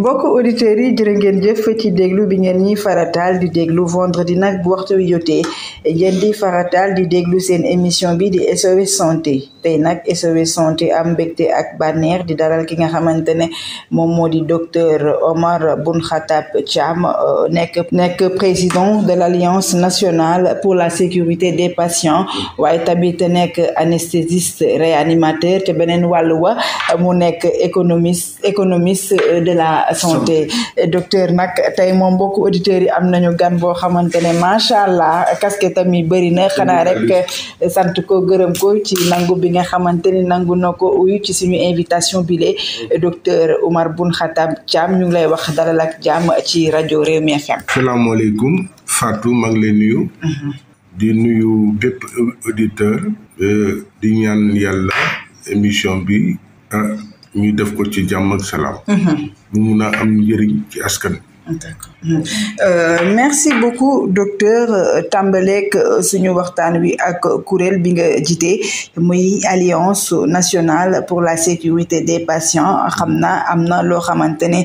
mbokk auditeurs yi jërë ngeen jëf ci déglu bi ngeen ñi farataal di déglu vendredi nag bu waxtu wi jotee ngeen di farataal di déglu seen émission bi di SOS santé tey nag SOS santé am mbégte ak bànneex di daral ki nga xamante ne moom moo di docteur Omar Boun Khatab Thiam euh, nekk nekk président de l' alliance nationale pour la sécurité des patients waaye tamit nekk anesthésiste réanimateur te beneen wàllu wa mu nekk économiste économiste de la santé docteur nag tey moom mbokk auditeurs yi am nañu gan boo xamante ne macha allah casquette am yi bëri na xanaa rek sant ko gërëm ko ci nangu bi nga xamante ni nangu na ko uyu ci suñu invitation bile docteur Oumar Boun Khatab Thiam ñu ngi lay wax dalal ak jàmm ci rajo Rewmi FM. salaamaaleykum Fatou maa ngi lay nuyu. Mhm. di nuyu bépp auditeur euh, di ñaan yàlla émission bi ah, ñu def ko ci jàmm ak salaam. Mhm. mu mun a am njëriñ ci askan d'accord euh, merci beaucoup docteur euh, tàmbaleek euh, suñu waxtaan wi ak kuréel bi nga jiite muy alliance nationale pour la sécurité des patients xam naa am na loo xamante ne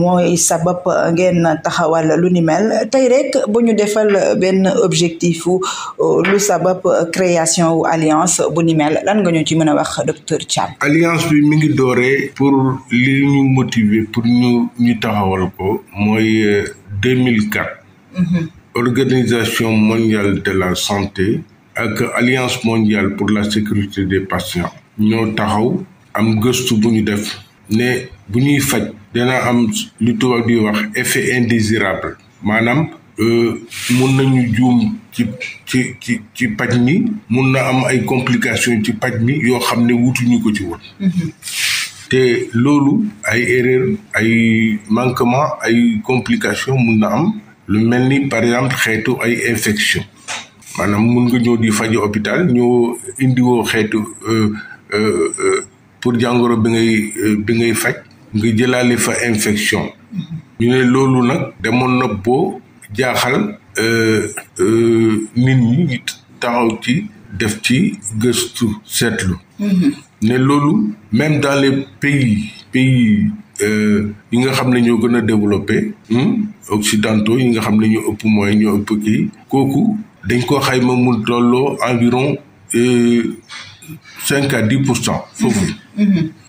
mooy sabap ngeen taxawal lu ni mel rek bu ñu defal benn objectif lu sabab création wu alliance bu ni mel lan nga ñu ci mën a wax docteur Thiam. alliance bi mi ngi dooree pour li ñu motiver pour ñu taxawal ko mooy mooy 2004. Euh, mm-hmm. organisation mondiale de la santé. ak alliance mondiale pour la sécurité des patients. ñoo taxaw am gëstu bu ñu def. ne bu ñuy faj. dana am lu tubaab di wax effet indésirable. maanaam. Euh, mun nañu juum ci ci ci ci paj mi. mun na am ay complications ci paj mi yoo xam ne wutuñu ko ci woon. Mm-hmm. te loolu ay erreur ay manquement ay complication mun na am lu mel ni par exemple xeetu ay infection maanaam mun nga ñëw di faji hôpital ñoo indiwoo xeetu euh, euh, euh, pour jàngoro bi ngay bi ngay faj nga jëlaale fa infection ñu ne loolu nag demoon na boo jaaxal nit ñi taxaw ci def ci gëstu seetlu ne loolu même dans les pays pays euh, yi nga xam ne ñoo gën a développé hmm, occidentaux yi nga xam ne ñoo ëpp mooy ñoo ëpp ki kooku dañ ko xayma mu dolloo environ euh, cinq à dix pour cent foofu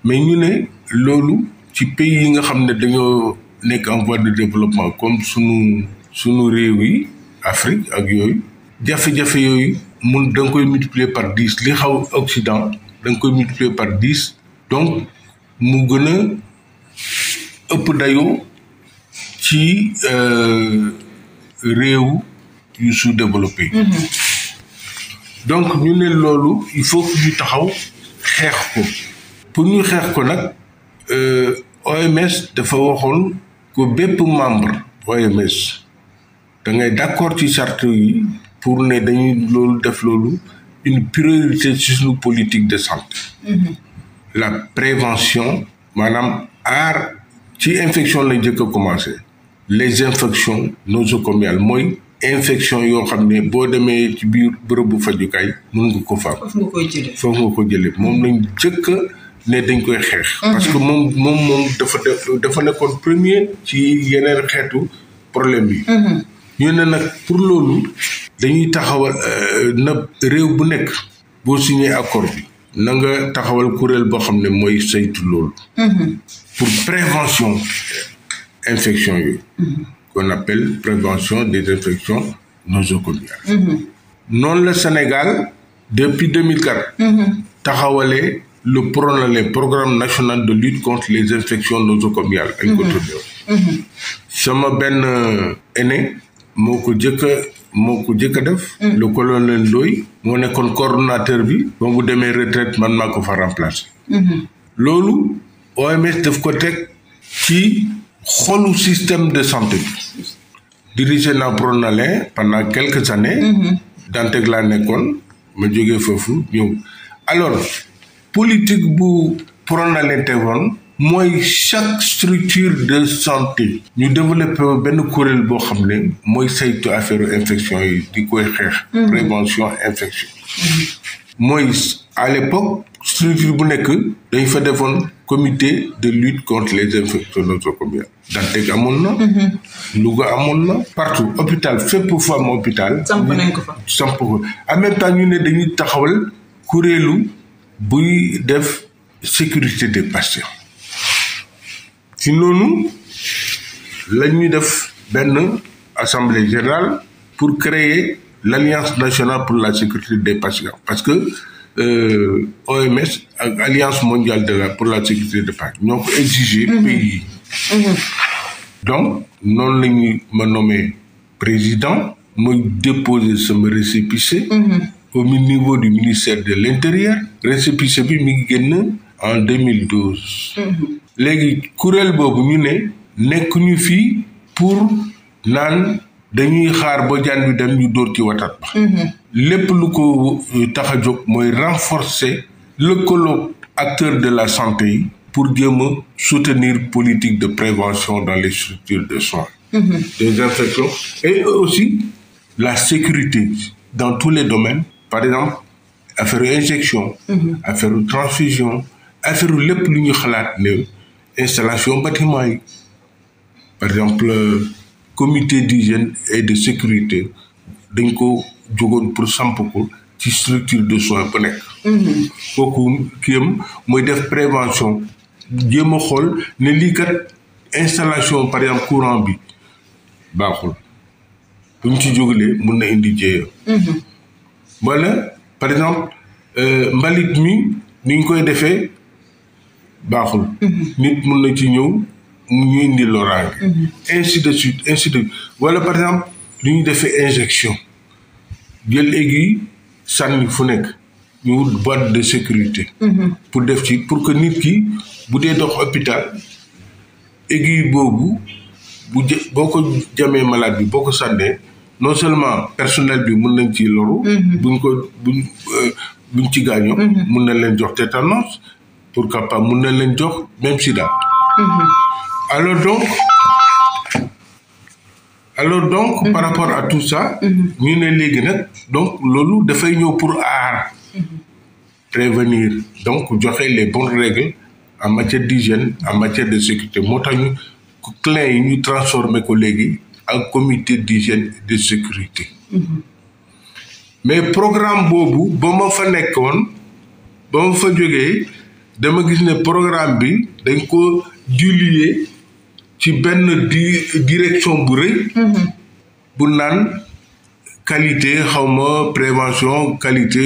mais ñu ne loolu ci pays yi nga xam ne dañoo nekk en voie de développement comme sunu sunu réew yi Afrique ak yooyu jafe-jafe yooyu mun da multiplier par dix li xaw Occident da nga koy multiplier par dix donc mu gën a ëpp dayoo ci euh, réew yu développé mm-hmm. donc ñu ne loolu il faut que ñu taxaw xeex ko pour ñu xeex ko nag euh, OMS dafa waxoon ko bépp membre OMS da ngay d'accord ci charte yi pour ne dañuy loolu def loolu une priorité ci suñu politique de santé mhm. la prévention maanaam aar ci infection la njëkk a commencé les infections nosocomiales mooy infection yoo xam ne boo demee ci biir bërëbu fajukaay mun nga ko faam foofu nga ko jëlee moom lañ jëkk ne dañ koy xeex mhm. parce que moom moom dafa def dafa nekkoon premier ci yeneen xeetu problème yi mhm. ñu ne nag pour loolu dañuy taxawal euh, na réew bu nekk boo signé accord bi na taxawal kuréel boo xam ne mooy saytu loolu. Mhm. pour prévention infection yooyu. Mhm. qu'on appelle prévention des infections nosocomiales. Mhm. noonu la Sénégal depuis 2004. taxawalee le PRONALIN programme national de lutte contre les infections nosocomiales. dañ ko tuddee sama benn euh, aîné moo ko jëkk moo ko jëkk a def. Mm. le leen Ndoye moo nekkoon coordonnateur bi ba mu demee retraite man maa ko fa remplacer. Mm-hmm. loolu OMS def ko teg ci xolu système de santé bi. dirigé naa Pronalin pendant quelques années. Mm-hmm. Dantec la nekkoon ma jógee foofu ñëw alors politique bu Pronalin tegoon. mooy chaque structure de santé ñu développé benn kuréel boo xam ne mooy saytu affaire infection yi di koy xeex mhm. prévention infection mooy à l'époque structure bu nekk dañ fa defoon comité de lutte contre les infections nosocomiales Dantec amoon na mhm. Louga amoon na partout hôpital fépp fu am hôpital samp nañ ko fa samp ko en même temps ñu ne dañuy taxawal kuréelu buy def sécurité des patients ci noonu lañ ñu def benn assemblée générale pour créer l'alliance nationale pour la sécurité des patients parce que euh, OMS ak alliance mondiale de la pour la sécurité des patients ñoo ko exiger mhm. pays yi mhm. donc noonu la ñuy ma nommé président ma déposer sama récépissé mhm. au niveau du ministère de l'intérieur récépissé bi mi ngi génn en 2012. léegi kuréel boobu ñu ne nekkuñu fii pour naan dañuy xaar ba jaan bi dem ñu dóor ci watat ba mhm. lépp lu ko tax a jóg mooy renforcer lëkkaloo acteur de la santé yi pour jéem a soutenir politique de prévention dans les structures de soins mhm. des infections et aussi la sécurité dans tous les domaines par exemple affaire injection mhm. affaire transfusion affaire lépp lu ñu xalaat ne installation bâtiment par exemple comité d'hygiène et de sécurité dañ ko jógoon pour samp ko ci structure de soin bu nekk mhm. kooku kiyam mooy def prévention jéem a xool ne lii kat installation par exemple courant bi baaxul bu ñu ci jógalee mun na indi jéeya mhm. wala par exemple euh, mbalit mi ni koy defee baaxul. Mhm. nit mun na ci ñëw ñu indi loraange. Mhm. ainsi de suite ainsi de wala par exemple lu ñu defee injection jël aiguille sànni fu nekk ñu wut boîte de sécurité. Mhm. pour def ci pour que nit ki bu dee dox hôpital aiguille boobu bu jë boo ko jamee malade bi boo ko sànnee non seulement personnel bi mun nañ ci loru. buñ ko buñ euh, ci gaañoo. mun na leen jox tétanos pour que pas mun na leen jox même sida. Mm-hmm. alors donc alors donc. Mm-hmm. par rapport à tout ça. Mm-hmm. ñu ne léegi nag donc loolu dafay ñëw pour aar. prévenir donc joxe les bonnes règles en matière d'hygiène en matière de sécurité moo tax ñu CLEI yi ñu transformé ko léegi en comité d'hygiène et de sécurité. mais programme boobu ba ma fa nekkoon ba ma fa jógee. dama gis ne programme bi dañ ko diluer ci benn di direction bu rëy mhm. bu naan qualité xawma prévention qualité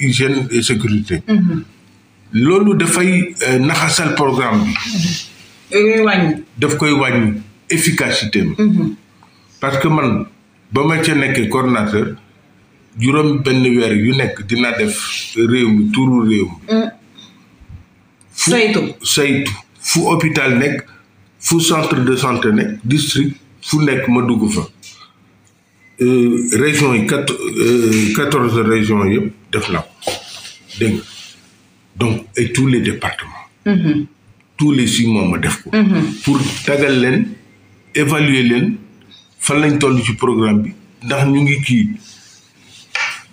hygiène sécurité mhm. loolu dafay euh, naxasal programme bi mhm. daf koy wàññi efficacité am parce que man ba ma ca nekkee coordonnateur juróom benn weer yu nekk dina def réew mi tuuru réew mi mm. saytu saytu fu hôpital nekk fu centre de santé nekk district fu nekk ma dugg fa euh, région yi euh, quatorze régions yëpp def na ko dégg donc et tous les départements mm -hmm. tous les six ma def ko mhm. pour tagal leen évaluer leen fan lañ toll ci programme bi ndax ñu ngi kii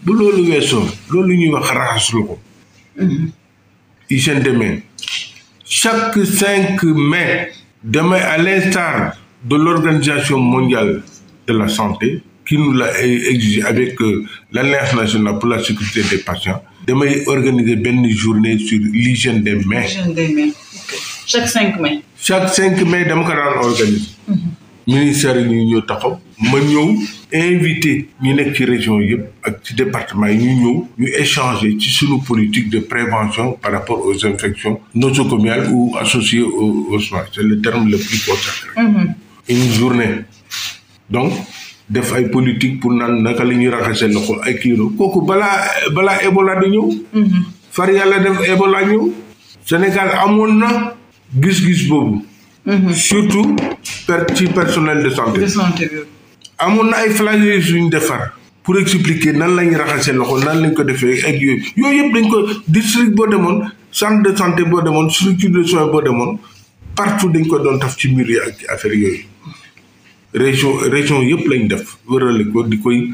bu loolu weesoo loolu ñuy wax raxas lu hygiène de mai Chaque cinq mai, demain à l'instar de l'Organisation mondiale de la santé, qui nous l'a exigé avec euh, l'Alliance nationale pour la sécurité des patients, damay organiser benn journée sur l'hygiène des mains. L'hygiène des mains. Okay. Chaque cinq mai. Chaque cinq mai dama ko daan organiser. Mm-hmm. ministère yi ñu ñëw taxaw ma ñëw invité ñu nekk ci région yëpp ak ci département yi ñu ñëw ñu échanger ci suñu politique de prévention par rapport aux infections nosocomiales ou associées aux aux soins c'est le terme le plus consacré. Mm-hmm. une journée donc. def ay politique pour naan naka la ñuy raxasee loxo ay kiiro kooku bala balaa Ebola di ñëw. Mm-hmm. far yàlla def Ebola ñëw. Sénégal amoon na gis-gis boobu Mm-hmm. surtout per ci personnel de santé. amoon na ay flyers yu ñu defar. pour expliquer nan la ñuy raxasee loxo nan lañ ko defee ak yooyu yooyu yëpp dañ ko district boo demoon centre de santé boo demoon structure de soins boo demoon partout dañ ko doon taf ci mur yi ak affaire yooyu. région région yëpp lañ def wërale ko di koy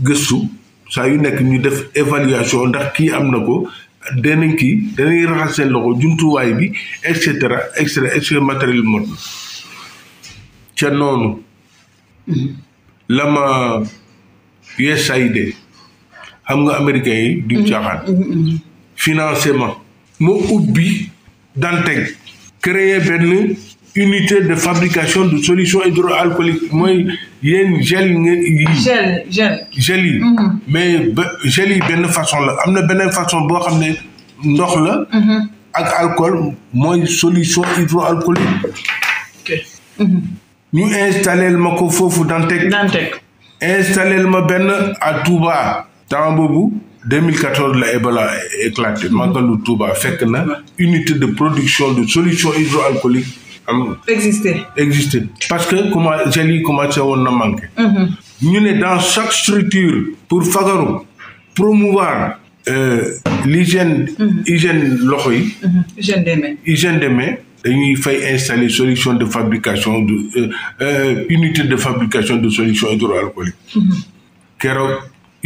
gëstu saa yu nekk ñu def évaluation ndax kii am na ko danañ kii danañ raxas seen loxo jumtuwaay bi et cetera et matériel mot na noonu lama ma USAID xam nga américain yi duñ caaxaan mm-hmm. Mm-hmm. Mm-hmm. financement ma ubbi Dantec créer benn unité de fabrication de solution hydroalcoolique mooy yéen gel yi. gel gel. yi. Mm-hmm. mais ba gel yi benn façon la am na beneen façon boo xam ne ndox la. Mm-hmm. ak alcool mooy solution hydroalcoolique. ok. Mm-hmm. ñu installé ma ko foofu Dantec. Dantec. installé ma benn à Touba. temps boobu 2014 la Ebola éclaté. Magalu Touba fekk na unité de production de solution hydroalcoolique. am. exister exister parce que comment gel yi commencé woon na manqué. Mhm. ñu ne dans chaque structure pour fagaru promouvoir. Euh, l'hygiène mhm. hygiène loxo yi. Mhm. hygiène des mains hygiène des mains. fay installer solution de fabrication de euh, euh, unité de fabrication de solution hydroalcoolique. keroog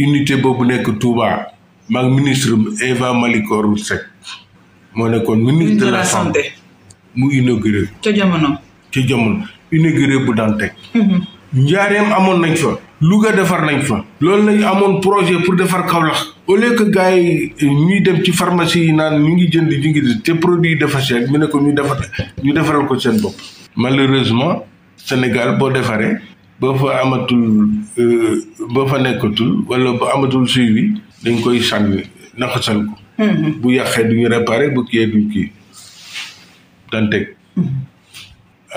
unité boobu nekk Touba maag ministre Eva Malicor Seck moo nekkoon ministre la santé. mu inauguré. ca jamono. ca jamono inauguré bu Dantec. Mhm. njaareem amoon nañ fa. Louga defar nañ fa. loolu lañ amoon projet pour defar Kaolack. au lieu que gars yi eh, ñuy dem ci pharmacie yi naan ñu ngi jënd ñu ngi di te produit dafa cher ñu ne ko ñu defar ñu defaral ko seen bopp. malheureusement Sénégal boo defaree boo fa amatul euh, boo fa nekkatul wala bu amatul suivi dañ koy sànni naxasal ko. Mhm. bu yàqee duñu réparé bu kiyee duñ kii. daan teg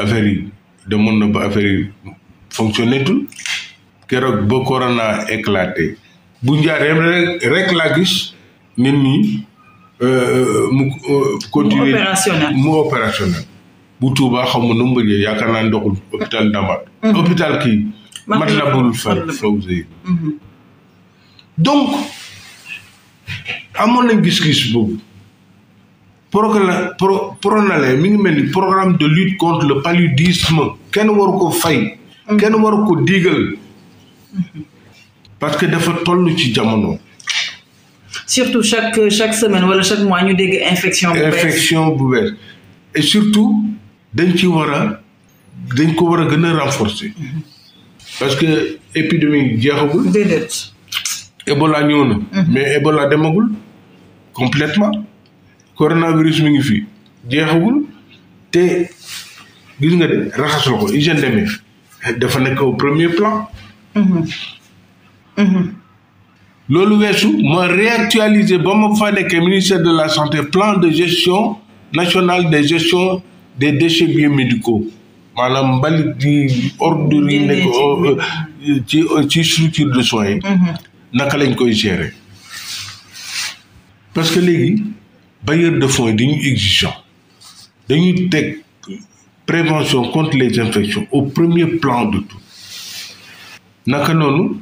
affaire yi demoon na ba affaire yi fonctionné tul keroog ba corona éclaté bu njaareem rek gis nit ñi euh, euh, mu euh, continuer bu Tuuba xaw ma nu mu naa ndoxul hôpital Ndamaat mhm. hôpital kii Matlaboul Fawzeyni mhm. donc amoon nañ gis-gis boobu Pronalé mi ngi mel ni programme de lutte contre le paludisme kenn waru ko fay. kenn war ko diigal. parce que dafa toll ci jamono. surtout chaque chaque semaine wala chaque mois ñu dégg infection. bu bees bu bees et surtout dañ ci war a dañ ko war a gën a renforcer. parce que épidémie jeexagul. déedéet. Ebola ñëw na. Mhm. mais Ebola demagul complètement coronavirus mi ngi fi jeexawul te gis nga de raxas loxo hygiène de vie dafa nekk au premier plan. Mhm. Mhm. loolu weesu ma réactualiser ba ma fa nekkee ministère de la santé plan de gestion nationale de gestion des déchets biomédicaux maanaam mbalit di ordre yi nekk euh, euh, ci euh, ci structure de soins mhm. naka lañ koy gérer parce que léegi. bailleurs de fonds yi dañuy exigeant dañuy teg prévention contre les infections au premier plan de tout naka noonu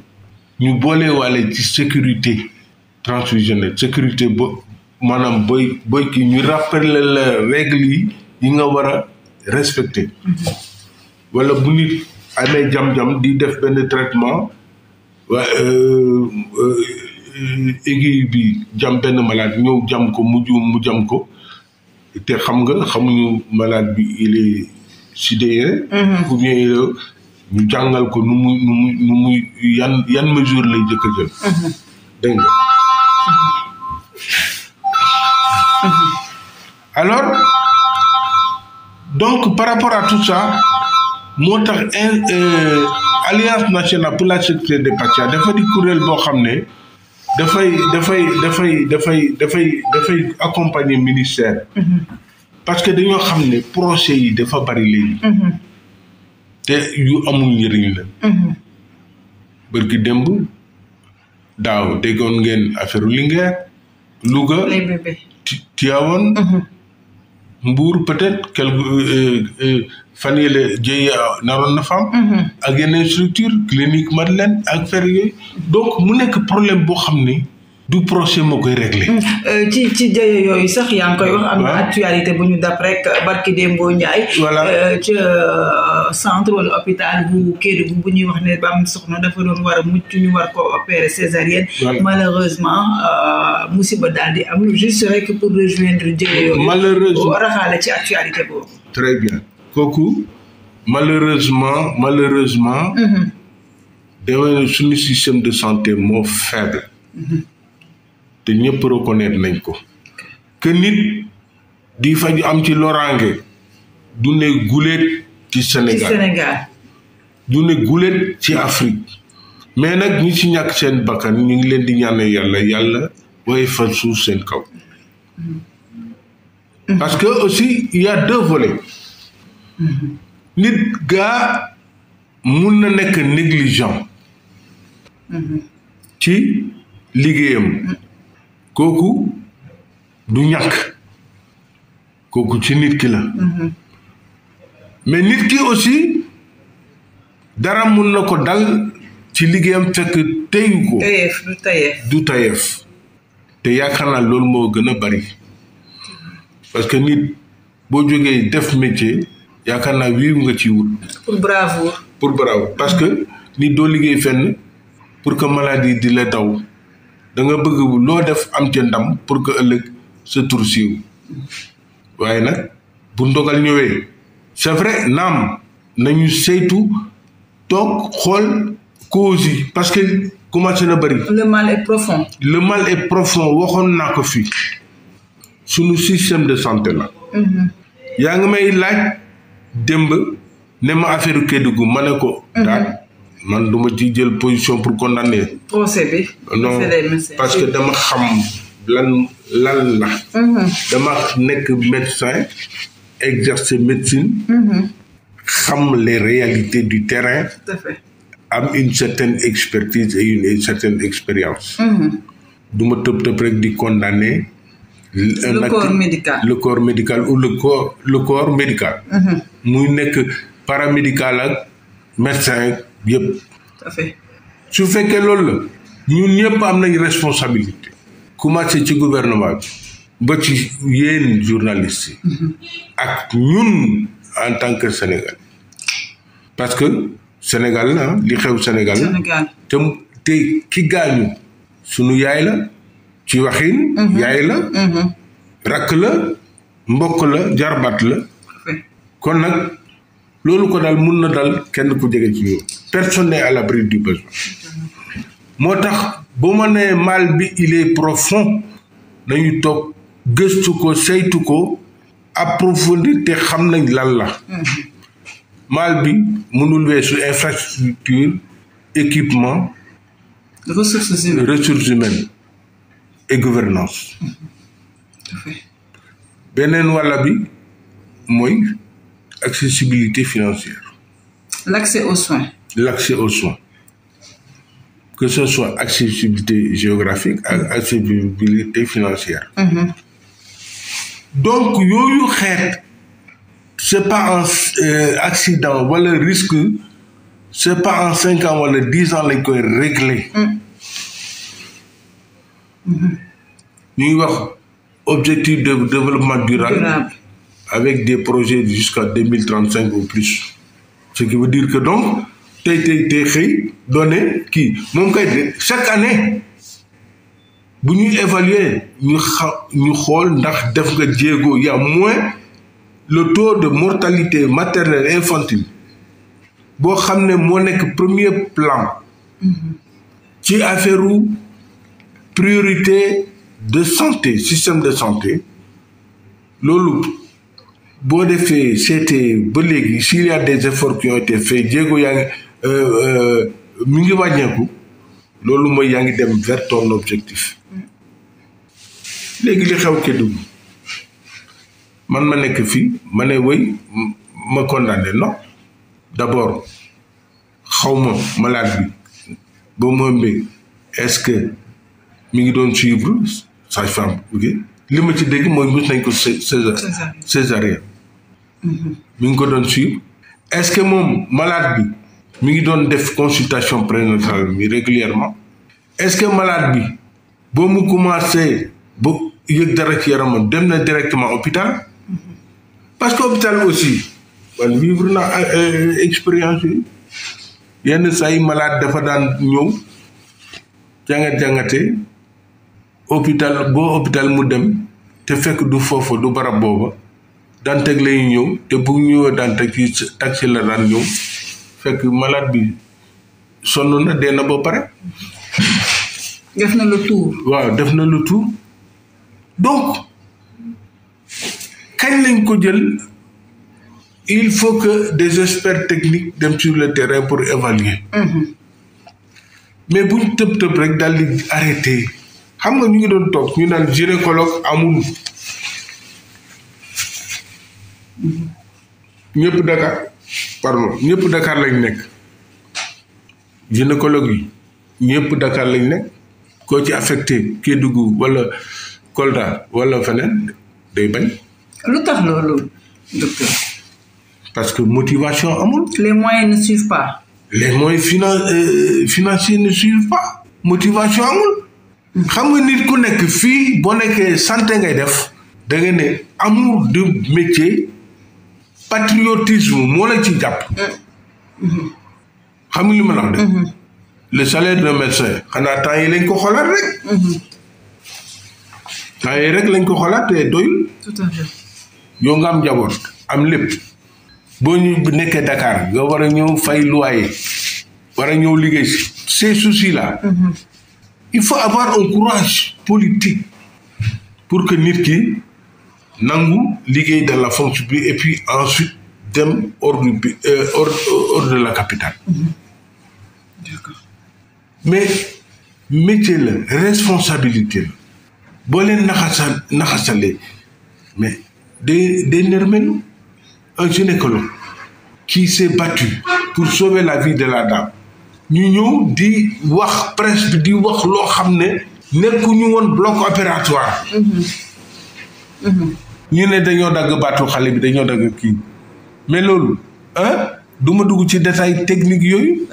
ñu boole wale ci sécurité transfusionnelle sécurité ba maanaam booy booy ki ñu rappeler la règle yi yi nga war a respecter wala bu nit amee jam-jam di def benn traitement wa euh, euh, Euh, aiguille bi jam benn malade ñëw jam ko mu juum mu jam ko te xam nga xamuñu malade bi il est sidéré mhm. ou bien ñu jàngal ko nu muy nu muy yan mesure lay jëkk a mhm. mhm. alors donc par rapport à tout ça moo tax euh, alliance nationale pour la sécurité des patients dafa di kuréel boo xam ne dafay dafay dafay dafay dafay dafay accompagner ministère. Mhm. parce que dañoo xam ne projet yi dafa bari léegi. Mhm. te yu amul njëriñ la. Mhm. bërki démb daaw déggoon ngeen affaire Linguère Louga. Tivaouane. mbuur peut-être quelque euh, euh, euh, fan yële jëye naroon na fam mhm. ak yeneen structure clinique Madeleine ak fer donc mu nekk problème boo xam ni du procès moo koy réglé. Euh, ci ci jaye yooyu sax yaa ngi am na actualité bu ñu dab rek barki Dembo Ndiaye. voilà euh, ca euh, centre wala hôpital bu Kédougou bu ñuy wax ne ba am soxna dafa doon war a mucc ñu war ko opérer césarienne. malheureusement musiba daal di am juste rek pour rejoindre jaye yooyu. malheureusement raxaale ci actualité bo très bien kooku malheureusement malheureusement. Mm-hmm. demee suñu système de santé moo faible. Mm-hmm. te ñëpp reconnaître nañ ko que nit di faju am ci loraange du ne guléet ci Sénégal ci Sénégal du ne guléet ci Afrique mais nag ñi ci ñàkk seen bakkan ñu ngi leen di ñaan yàlla yàlla waaye fa suuf seen kaw mm-hmm. parce que aussi il y a deux mm-hmm. nit gaa mun na nekk négligent mm-hmm. ci liggéeyam kooku du ñakk kooku ci nit ki la mhm. mais nit ki aussi dara mun na ko dal ci liggéeyam fekk teyu ko du tayeef te yaakaar naa loolu moo gën a bari parce que nit boo jógee def métier yaakaar naa wiiw nga ci wut pour parce que nit doo liggéey fenn pour que maladie di la daw da nga bëgg loo def am ca pour que ëllëg sa tur waaye nag bu ndogal ñëwee c'est vrai naam nañu saytu toog xool cause yi parce que commencé na bëri. le mal est profond. le mal est profond waxoon naa ko fii suñu système de santé la. Mm-hmm. yaa ngi may laaj démb ne ma affaire Kédougou ma ne ko. Mm-hmm. daal man du ma ci jël position pour condamner. procès parce que dama xam lan lan mhm. dama nekk médecin exercer médecine. Mhm. xam les réalités du terrain. am une certaine expertise et une certaine expérience. Mhm. du ma tëb tëb rek di condamner. le corps médical ou le corps médical. muy nekk paramédical ak médecin. yëpp. tout su fekkee loolu la ñun ñëpp am nañ responsabilité. commencé ci gouvernement bi. ba ci yéen journaliste mhm. ak ñun en tant que Sénégal. parce que Sénégal la li xew Sénégal. Sénégal te ki gaañu. sunu yaay la. ci waxin. Mhm. yaay la. Mhm. rakk la mbokk la jarbaat la. kon nag. loolu ko daal mun na dal kenn ku jege ci ñoom personne n'est à l'abri du besoin moo tax boo ma nee mal bi il est profond nañu toog gëstu ko saytu ko approfondir te xam nañ lan la mal bi mënul weesu infrastructure équipement ressources humaines ressources humaines et gouvernance beneen wàlla bi mooy accessibilité financière. L'accès aux soins. L'accès aux soins. Que ce soit accessibilité géographique ak accessibilité financière. Mm -hmm. donc yooyu xeet c'est pas un euh, risque c'est pas en cinq ans wala dix ans lañ koy régler. Mm-hmm. ñuy objectif de développement durable. avec des projets jusqu'à 2035 ou plus ce qui veut dire que donc tey tey tey xëy donné kii moom kay chaque année bu ñuy évaluer ñu xa ñu xool ndax def nga jéego y a moins le taux de mortalité maternelle infantile boo xam ne moo nekk premier plan mm-hmm. ci affaire u priorité de santé système de santé loolu boo defee seetee ba léegi s'il y a des efforts qui ont été faits jéego yaa ngi euh, euh, mi ngi wàññeeku loolu mooy yaa ngi dem vers ton objectif léegi li xew Kédougou man ma nekk fii ma ne wéy ma condamné non d'abord xawma ma malade bi ba mu ëmbee est-ce que mi ngi doon suivre sage-femme ok li ma ci dégg mooy mus nañ ko césarienne mu mm-hmm. ngi ko doon suivre est-ce que moom malaad bi mi ngi doon def consultation prénatale mi régulièrement est-ce que malade bi boo mu commencé ba yëg dara ci yaramam dem na directement hôpital mm-hmm. parce que hôpital aussi man vivre na euh, euh, expérience yi yenn saa yi malade dafa daan ñëw jàngat-jàngate hôpital boo hôpital mu dem te fekk du foofu du barab booba Dantec lay ñëw te bu ñëwee Dantec ci taxi la daan ñëw fekk malade bi sonn na dee na ba pare. def na le tour. waaw def na le tour donc kañ lañ ko jël il faut que des technique dem ci le terrain pour évaluer. Mhm. mais bu tëb tëb rek daal di arrêté xam nga ñu ngi doon toog ñu naan gynécologue amul. ñëpp Dakar pardon ñëpp Dakar lañ nekk gynécologue yi ñëpp Dakar lañ nekk ko ci affecté duggu wala Kolda wala feneen day bañ. parce que motivation amul. les moyens ne suivent pas. les moyens finan euh, financiers pas. motivation amul. xam nga nit ku nekk fii boo nekkee santé ngay def. da nga ne du métier. patriotisme moo la ci jàpp. xam nga li ma la de. Mhm. le salaire de médecin xanaa temps yi lañ ko xoolaat rek. Mhm. temps yi rek lañ ko xoolaat te doyul. tout nga am njaboot am lépp. boo ñu nekkee Dakar yoo war a ñëw fay loyer war a ñëw liggéey si ces soucis là. Mhm. il faut avoir un politique pour que nit ki. nangu liggéey dans la fonction bi et puis ensuite dem hors du hors hors de la capitale. mais métier la responsabilité la boo leen naxasal naxasalee mais de day nërmelu un gynécologue qui s'est battu pour sauver la vie de la dame ñu ñëw di wax presse bi di wax loo xam ne nekkuñu woon bloc opératoire. Mm-hmm. Mm-hmm. ñu ne dañoo dagg baatu xale bi dañoo dagg kii mais loolu duma dugg ci détail technique yooyu.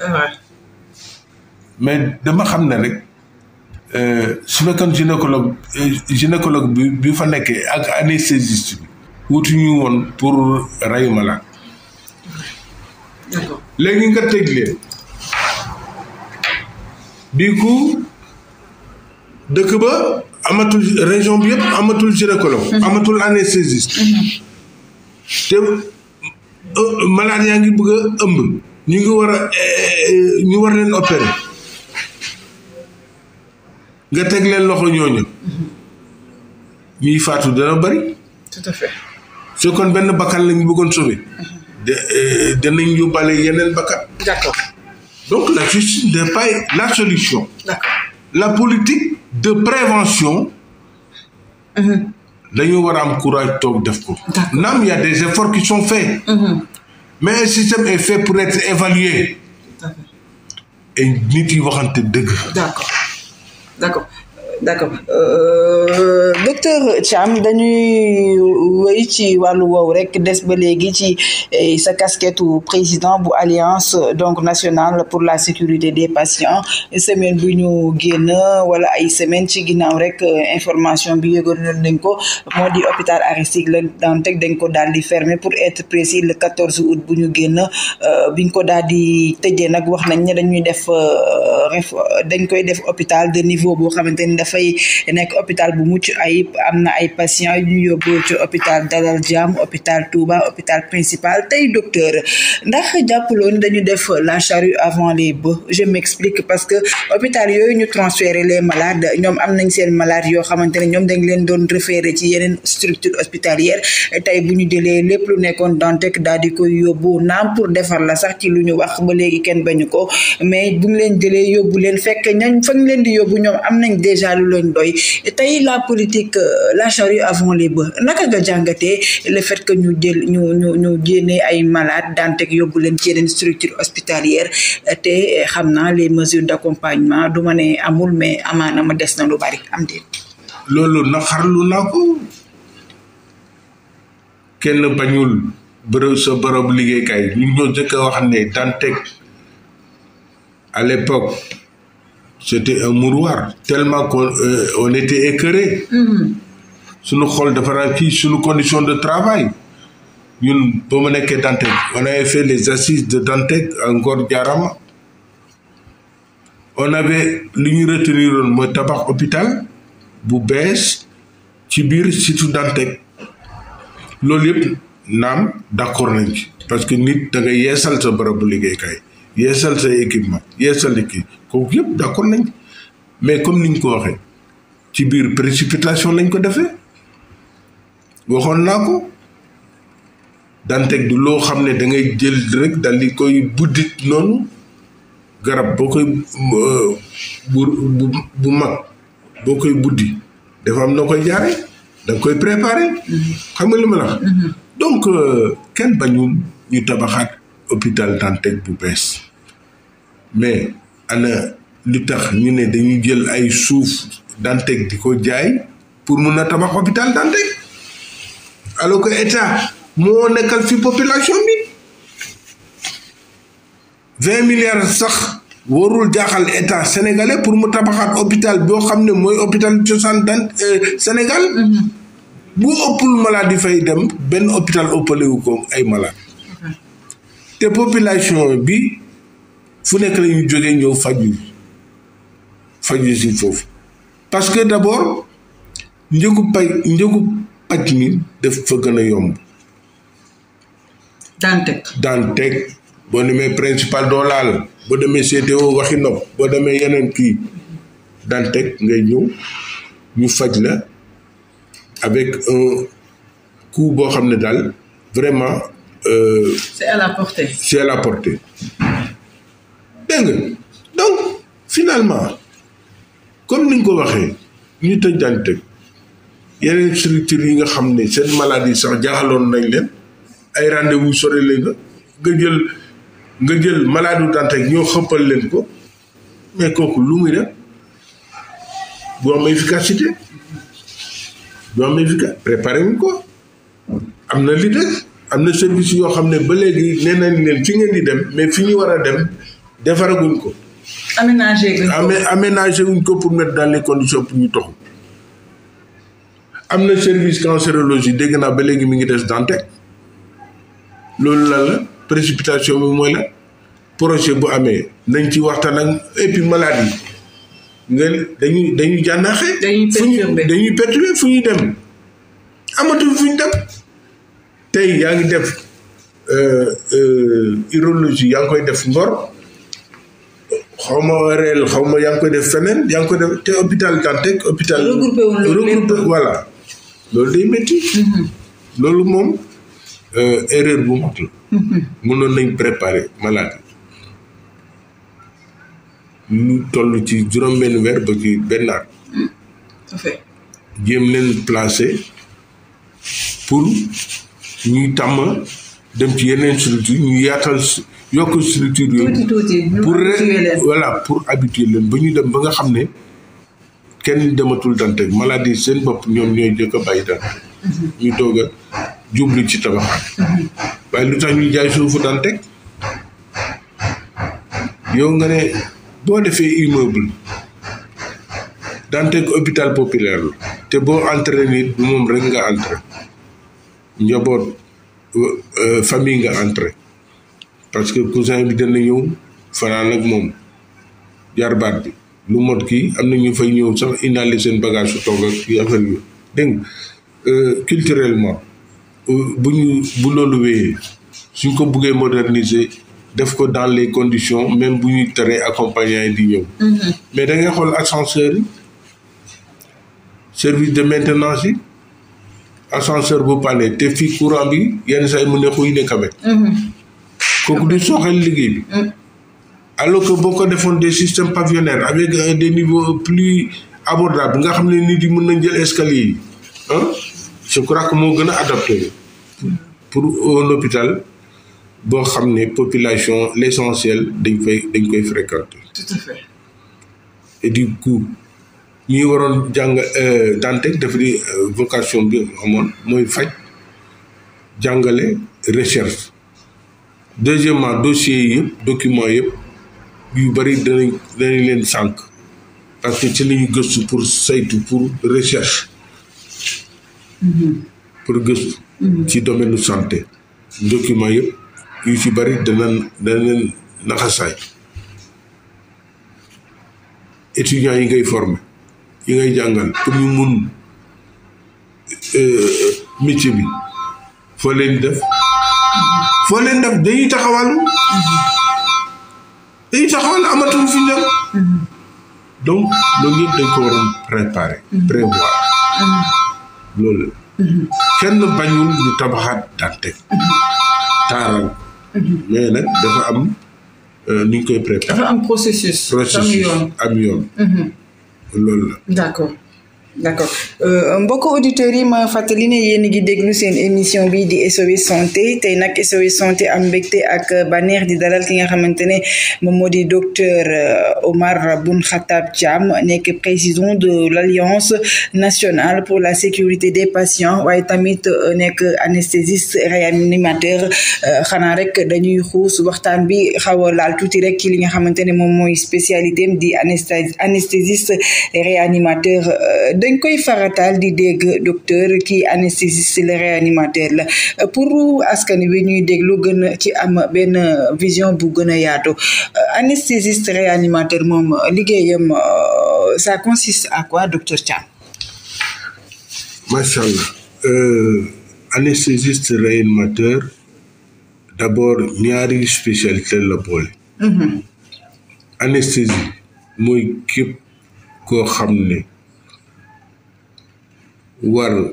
mais dama xam ne rek euh, su fekkoon gynécologue euh, gynécologue bi bi fa nekkee ak anesthésiste bi wutuñu woon pour rayu malade. léegi nga tëj leen bi ku dëkk ba. amatul région bi yëpp amatul gynécologue mhm. amatul anesthésiste mhm. te euh, malaan yaa ngi bëgg a ëmb ñu ngi war a euh, ñu war leen opérer nga teg leen loxo ñooñu mhm. ñuy faatu dana bari tout à fait kon benn bakkan lañu bëggoon sauver de euh, danañ yóbbaale yeneen bakkan d'accord donc la justice n'est la solution d'accord la politique de prévention mhm. dañoo war a am courage toog def ko naam y des efforts qui sont faits mhm. mais un système est fait pour être évalué et nit yi waxante dëgg d'accord euh, docteur Thiam dañuy wéy ci wàllu woow rek des ba léegi ci eh, sa casquette président bu alliance donc nationale pour la sécurité des patients semaine bu ñu génn wala ay semaine ci ginnaaw rek eh, information bi yëgoon nañ ko moo di hôpital Aristide Le Dantec dañ ko daal di fermer pour être précis le 14 août bu ñu génn eh, biñ ko daal di tëjee nag wax nañ ne dañuy def dañ koy def hôpital de niveau boo xamante dafay nekk hôpital bu mucc ayib am na ay patients yu ñu yóbbu ci hôpital Dalal Jamm hôpital Touba hôpital principal tey docteur ndax jàppaloon dañu def la charrue avant les bœufs je m'explique parce que hôpital yooyu ñu transférer les malades ñoom am nañ seen malade yoo xamante ne ñoom dañ leen doon référer ci yeneen structure hospitalière tey bu ñu jëlee lépp lu nekkoon Dantec daal di koy yóbbu naam pour defar la sax ci lu ñu wax ba léegi kenn bañ ko mais lu leen doy tey la politique euh, la charrue avant les bœufs naka nga jàngate le fait que ñu jël ñu ñu génnee ay malades Dantec yóbbu leen ci yeneen structure hospitalière te xam naa les mesures d'accompagnement du ma ne amul mais amaana ma des na lu bari am déet. loolu naxarlu naa ko kenn bañul bërëb sa bërëb liggéeykaay ñu ñoo njëkk a wax ne Dantec l'époque c'était un mouroir tellement qu'on euh, on était écœuré mm-hmm. suñu xol dafa daan kii sunu condition de travail ñun ba mu nekkee Dantec on avait fait les assises de Dantec à Ngor Diarama on avait li ñu retenir woon mooy tabax hôpital bu bees ci biir surtout Dantec loolu yëpp naam d'accord nañ ci parce que nit da nga yeesal sa liggéey liggéeykaay yeesal say équipement yeesal li kii kooku yëpp d'accord nañ mais comme niñ ko waxee ci biir précipitation lañ ko defee waxoon naa ko teg du loo xam ne da ngay jël rek dal di koy buddi noonu garab boo koy bu bu mag boo koy buddi dafa noo koy jaare da koy préparer mm-hmm. xam nga li ma la mm-hmm. donc euh, kenn bañul ñu tabaxaat hôpital Dantec bu bees mais ana lu tax ñu ne dañu jël ay suuf Dantec di ko jaay pour mun a tabax hôpital Dantec alors que état moo nekkal fi population bi vingt milliards sax warul jaaxal état sénégalais pour mu tabaxaat hôpital boo xam ne mooy hôpital cosaan dant euh, Sénégal mm-hmm. bu ëppul malade fay dem benn hôpital ëppalewu ko ay malade te population bi fu nekk la ñu jógee ñëw faju faju si foofu parce que d'abord njëgu paj njëgu paj mi def fa gën a yomb Dantec Dantec boo demee principal doo laal boo demee CTO waxi nopp boo demee yeneen kii Dantec ngay ñëw ñu faj la avec un coût boo xam ne daal vraiment Euh, c'est à la portée. c'est à la portée dégg donc finalement comme ni nga ko waxee ñu tëj daan tëj yeneen structures yi nga xam ne seen maladie sax jaaxaloon nañ leen ay rendez-vous sore leen nga jël nga jël maladie Dantec ñoo xëppal leen ko mais kooku lu muy def du am efficacité du am efficacité préparé wuñ ko am na li def am na service yoo xam ne ba léegi nee nañ leen ngeen di dem mais fi ñu war a dem defaraguñ ko. aménagé wuñ ko aménagé wuñ ko pour mettre dans les conditions pour ñu toxu. am na service cancérologie dégg naa ba léegi mi ngi des Dantec loolu la la précipitation bi mooy la projet bu amee nañ ci waxtaan ak et puis malade nga dañuy dañuy jànnaaxe. dañuy perturbé fu ñu dañuy perturbé fu ñuy dem amatul fu ñu dem. tey yaa ngi def euh, euh, urologie yaa ngi koy def Ngor xaw ma reel xaw ma yaa ngi koy def feneen yaa ngi koy def te hôpital Dantec hôpital regroupé voilà loolu day métti mm-hmm. loolu moom euh, erreur bu mag la mm-hmm. mënoon nañ préparer malade lu toll ci juróom benn weer ba ci benn at mm-hmm. jéem leen placé pour ñuy tàmm dem ci yeneen structure ñu yaatal yokk structure yooyu pour rek voilà pour habituer leen ba ñu dem ba nga xam ne kenn dematul Dantec maladie seen bopp ñoom ñooy jëkk a bàyyi mm-hmm. ñu doog a jublu ci tabax mm-hmm. waaye lu tax ñuy jaay suufu Dantec yow nga ne boo defee immeuble Dantec hôpital populaire la te boo entré nit du moom rek nga entré njaboot euh, euh, famille nga entré parce que cousin bi dana ñëw fanaan ak moom jarbaat bi lu mot kii am na ñu fay ñëw sax indaale seen bagage su toog ak kii affaire yi dégg euh, culturellement bu ñu bu loolu wéyee suñ ko buggee moderniser def ko dans les conditions même bu ñuy teree accompagnant yi di ñëw. Mm-hmm. mais da xool ascenseur service de maintenance yi. ascenseur bu panne te fi courant bi yenn saa mu ne xuy ne kamet kooku du sooxal liggéey bi mhm. alors que boo ko defoon des systèmes pavillonnaires avec euh, des niveaux plus abordables nga xam ne nit yi mën nañ jël escalier yi je crois que moo gën a adapté pour un boo xam ne population l'essentiel dañ koy dañ koy fréquenter tout à fait et du coup ñuy waroon jàng dante dafa di vocation bi amoon mooy faj jàngale recherche deuxièmement dossiers yi yëpp documents yëpp yu bëri danañ danañ leen sànq parce que ci la gëstu pour saytu pour recherche mm-hmm. pour gëstu mm-hmm. ci domaine de santé document yëpp yu ci bëri danañ danañ naxasaay étudiants yi ngay former yi ngay jàngal pour ñu mun euh, euh, métier bi foo fi ñu donc dañ ko waroon préparer prévoir loolu la kenn bañul ñu tabaxaat Dantec taaral mais nag dafa am euh, nu ñu koy préparer dafa am processus am yoon mhm. loolu la. d'accord. d' accord euh, mbokk auditeurs yi ma fàttali ne yéen a déglu seen émission bi di SOS santé tey nag SOS santé am mbégte ak bànneex di dalal ki nga xamante ne moom moo di docteur euh, Oumar Boun Khatab Thiam nekk président de l' alliance nationale pour la sécurité des patients waaye tamit euh, nekk anesthésiste réanimateur xanaa rek dañuy xuus waxtaan bi xaw a laal tuuti rek ci li nga xamante ne moom mooy spécialité am di anesthésiste réanimateur. dañ koy farataal di dégg docteur kii anesthésiste le réanimateur la pour askan bi ñuy déglu gën a ci am benn vision bu gën a yaato yaatu anesthésiste réanimateur moom liggéeyam euh, ça consiste à quoi docteur Thiam. macha allah euh, anesthésiste réanimateur d'abord ñaari spécialité la boole. Mhm. anesthésie mooy képp koo xam war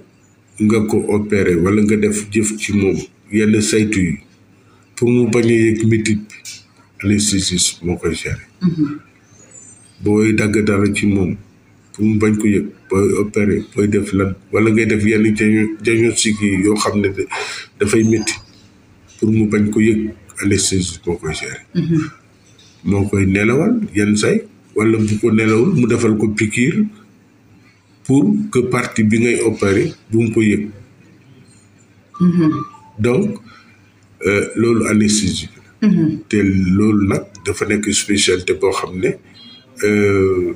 nga ko opérer wala nga def jëf ci moom yenn saytu yi pour mu bañ a yëg métit bi mm-hmm. booy dagg dara ci moom pour bañ ko yëg booy opérer def lan wala ngay def yenn diagnostic yi yoo xam ne dafay métti pour mu bañ ko yëg anesthésiste moo koy gérer mm-hmm. moo koy nelawal yenn say wala bu ko nelawul mu defal ko pikiir pour que parti bi ngay opérer bu mu ko yëg. Mhm. donc euh, loolu anesthésie bi mhm. te loolu nag dafa nekk spécialité boo xam ne euh,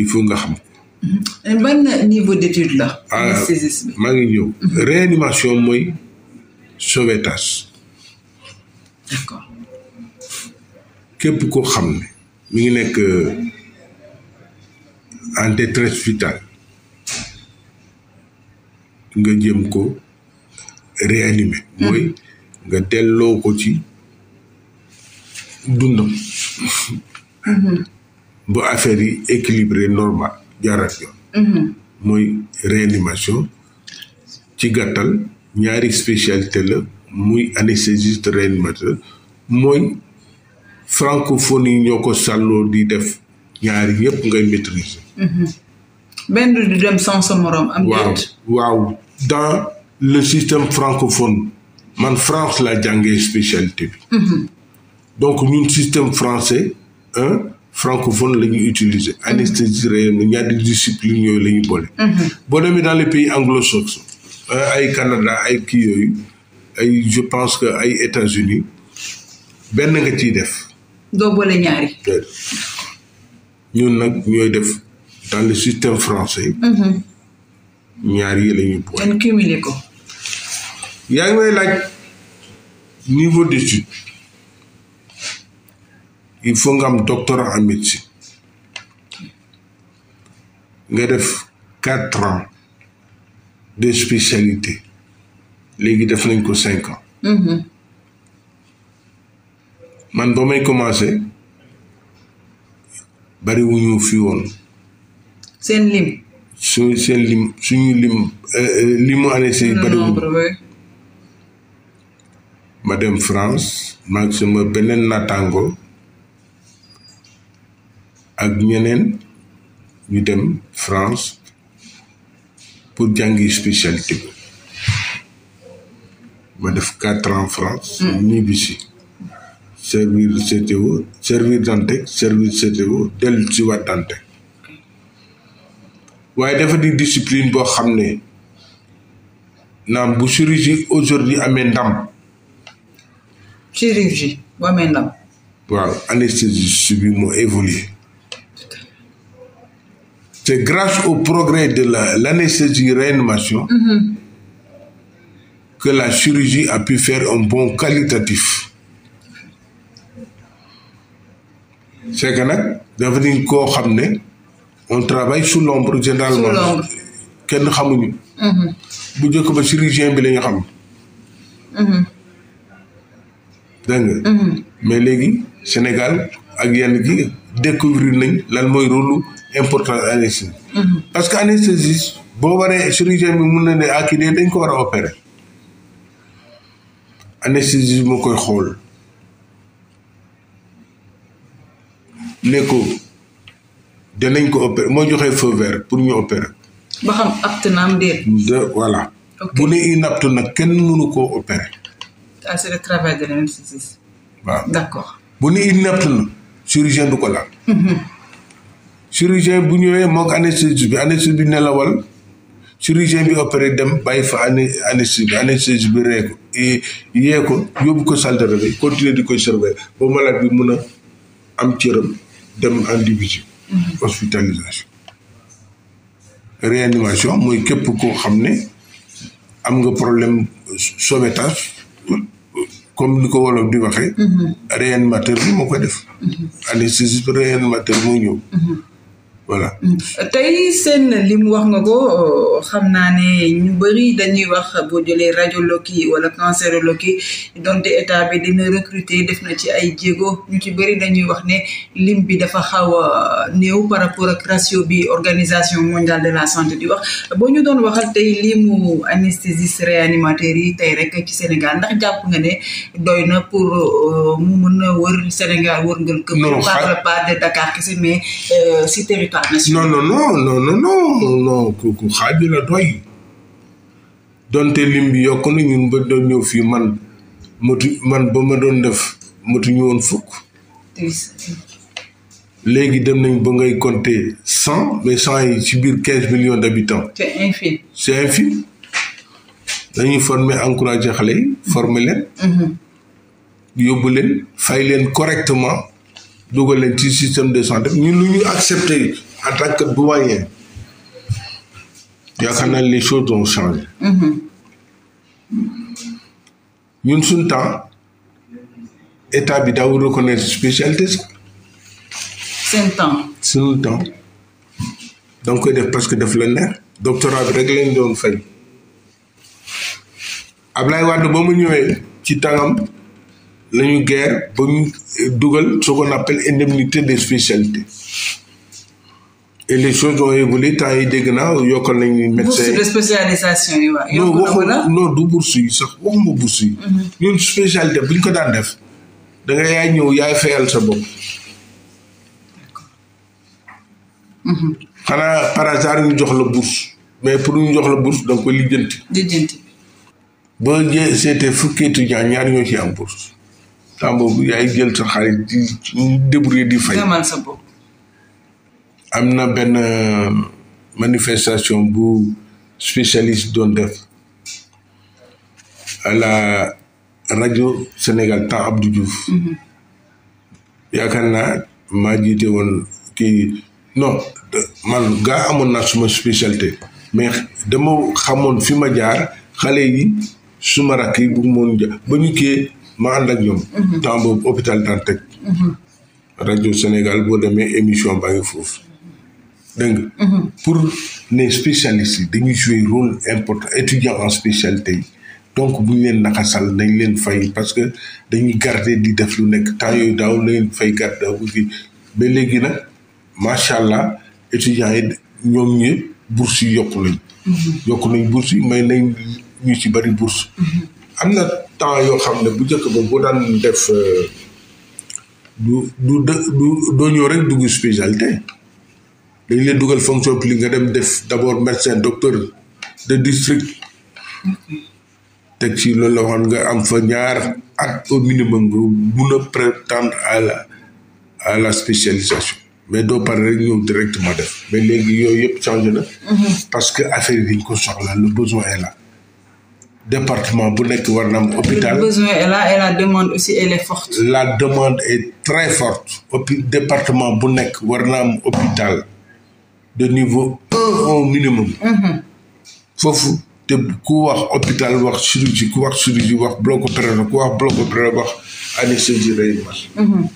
il faut nga xam. Mhm. ban niveau d'étude ah, maa ngi ñëw. réanimation mooy sauvetage. d'accord. képp ko xam ne mi ngi nekk. Euh, en détresse vitale nga jëm ko réanimer mooy hmm. nga delloo ko ci dundam hmm. ba affaire yi équilibré normal jaarat yoon hmm. mooy réanimation ci gàttal ñaari spécialité la muy anesthésiste réanimateur mooy francophonie ñoo ko saloo di def ñaar yëpp ngay maîtriser. Mm-hmm. benn du dem sans sa morom. am waaw waaw dans le système francophone man France laa jàngee spécialité bi. Mm-hmm. donc ñun système français francophone la ñuy utiliser mm-hmm. anesthésie rayonnement ñaari discipline yooyu lañu ñuy boole. boo demee dans les pays anglo-saxons ay Canada ay kii yooyu je pense que ay États-Unis benn nga ci def. doo boole ñaari. ñun nag ñooy def dans le système français. Mhm. ñaar yi la yaa ngi may laaj niveau d'étude il faut nga am doctorat en nga def quatre ans de spécialité léegi def nañ ko cinq ans. Mhm. man ba may bariwuñu fi woon. seen lim. suñu lim eh, eh, limu ANACIM yi bariwul ma dem France maag sama beneen naataango ak ñeneen ñu dem France pour jàngi spécialité bi ma def quatre ans France. Hmm. ñibbisi. servir CTO servir Dantec servir CTO dellu si waat Dantec waaye dafa discipline boo xam ne naam bu chirurgie aujourd'hui amee ndam. chirurgie bu amee ndam. waaw anesthésiste bi moo évolué c'est grâce au progrès de la l'anesthésie réanimation. Mm -hmm. que la chirurgie a pu faire un bond qualitatif. c'est nag dafa di koo xam ne on travaille sous l'ombre généralement. kenn xamuñu. Mhm. bu njëkk ba chirurgien bi la xam. Mhm. dégg nga. Mhm. mais léegi Sénégal ak yenn kii découvrir nañ lan mooy rôle important anesthésie. parce que anesthésiste boo waree chirurgien bi mun na ne ah kii dañ ko war a opérer anesthésiste moo koy xool. ne ko danañ ko opérer moo joxe feu pour ñu opérer. ba xam apte na am déet. de voilà. bu ne inapte nag kenn mënu ko opérer. ah c'est le travail bu ne inapte na chirurgien du ko laal. Mhm. chirurgien bu ñëwee moog anesthésiste bi anesthésiste bi nelawal chirurgien bi opéré dem bàyyi fa anesthésiste bi anesthésiste bi ree ko yee ko yóbbu ko salle de continuer di koy surveiller ba malade bi mun a am cëram dem en division mhm. hospitalisation réanimation mooy képp koo xam ne am nga problème sauvetage comme ni ko wolof di waxee mhm. réanimateur bi moo koy def mhm. anesthésiste réanimateur moo ñëw voilà. tey seen li mu wax nga ko euh, xam naa ne ñu bëri dañuy wax boo jëlee radiologie wala cancérologie donte état bi dina recruter def na ci ay jéego ñu ci bëri dañuy wax ne lim bi dafa xaw a néew par rapport ak ratio bi organisation mondiale de la santé di wax boo ñu doon waxal tey limu anesthésiste réanimateur yi tey rek ci Sénégal ndax jàpp nga ne doy na pour euh, mu mën a wër Sénégal war ngël këpp par le de Dakar kese mais euh, si territoire non non non non non non non kooku xaaj la doy donte lim bi yokk nañu ñun ba doon ñëw fii man matu man ba ma doon def matuñu woon fukk. léegi dem nañ ba ngay compter cent mais cent yi ci biir quinze millions d' habitants. c' est infime. dañuy former encouragé xale yi former leen. Mm-hmm. yóbbu leen fay leen correctement dugal leen ci système de santé ñun lu ñu accepté en bu que doyen yaakaar naa les choses ont changé. ñun suñu temps état bi daawul reconnaître spécialité sax. seen temps. suñu koy def parce que daf la neex. doctorat bi rek lañ doon fay. Ablaye Wade ba mu ñëwee ci tàngam la ñu ba dugal ce qu'on appelle indemnité des spécialités. et les choses ont évolué temps yi dégg naa yokkal nañu. médecin bourse de spécialisation yi waaw. non waxuma du bourse yi sax waxuma bourse yi. ñun mhm. spécialité bu ko daan def da nga yaay ñëw yaay sa bopp. Mhm. xanaa jox la bourse mais pour ñu jox la bourse da nga koy lijjanti. boo jë seetee fukki étudiant ñaar ñoo ci am bourse temps boobu yaay jël sa xaalis di débrouiller di fay. sa bopp. am na benn euh, manifestation bu spécialiste doon def à la rajo Sénégal temps Abdou Diouf. Mhm. yaakaar naa maa jiite woon kii non man gaa amoon naa suma spécialité. mais dama xamoon fi ma jaar xale yi suma rakk yi moon ba ñu kii ma ànd ak ñoom. Mhm. temps boobu hôpital Dantec. Mhm. rajo Sénégal boo demee émission baa ngi foofu. dégg nga mm-hmm. pour ne spécialistes yi dañuy jouer rôle important étudiant en spécialité yi donc bu ñu leen naxasal dañ leen fay parce que dañuy garder di def lu nekk temps yooyu daaw na fay garder bu fi ba léegi nag macha allah étudiants yi ñoom ñi bourses yi yokku nañ mm-hmm. yokku nañ bourses yi may nañ ñu ci bari bourse mm-hmm. am na temps yoo xam ne bu njëkk ba boo daan def euh, du du doo ñëw rek dugg spécialité dañ leen dugal fonction publique nga dem def d'abord médecin docteur de district teg ci loolu la nga am fa ñaar at au minimum nga mun prétendre à la spécialisation mais doo pare rek ñëw directement def mais léegi yooyu yëpp changé na mm-hmm. parce que affaire yi dañ ko soxla le besoin est département bu nekk war na am hôpital. le besoin la demande aussi elle est très forte. département bu nekk war na am hôpital. de niveau minimum. Mhm. foofu te ku wax hôpital wax chirurgie ku wax chirurgie wax bloc opératoire ku wax bloc opératoire wax anesthésie réanimation. Mhm.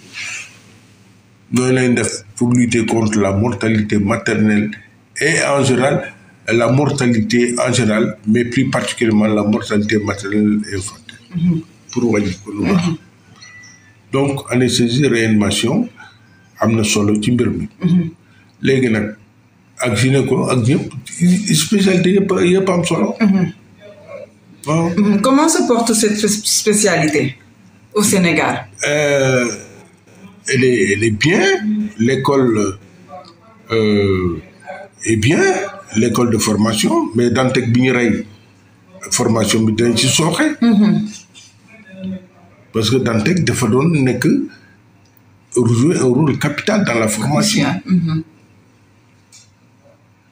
noonu lañ def pour lutter contre la mortalité maternelle et en général la mortalité en général mais plus particulièrement la mortalité maternelle infantile. Mm -hmm. pour wàññi ko lu baax. Mhm. donc anesthésie réanimation am na solo ci mbir mi. nag. ak gynéco ak yëpp spécialité yëpp yëpp am solo. Mhm. waaw. Mhm. comment se porte cette spécialité au Sénégal. Euh, elle bien l'école euh, est bien l'école de formation mais Dantec bi ñu rey formation bi dañ ci sooxe. Mhm. parce que Dantec dafa doon nekk jouer un rôle capital dans la formation.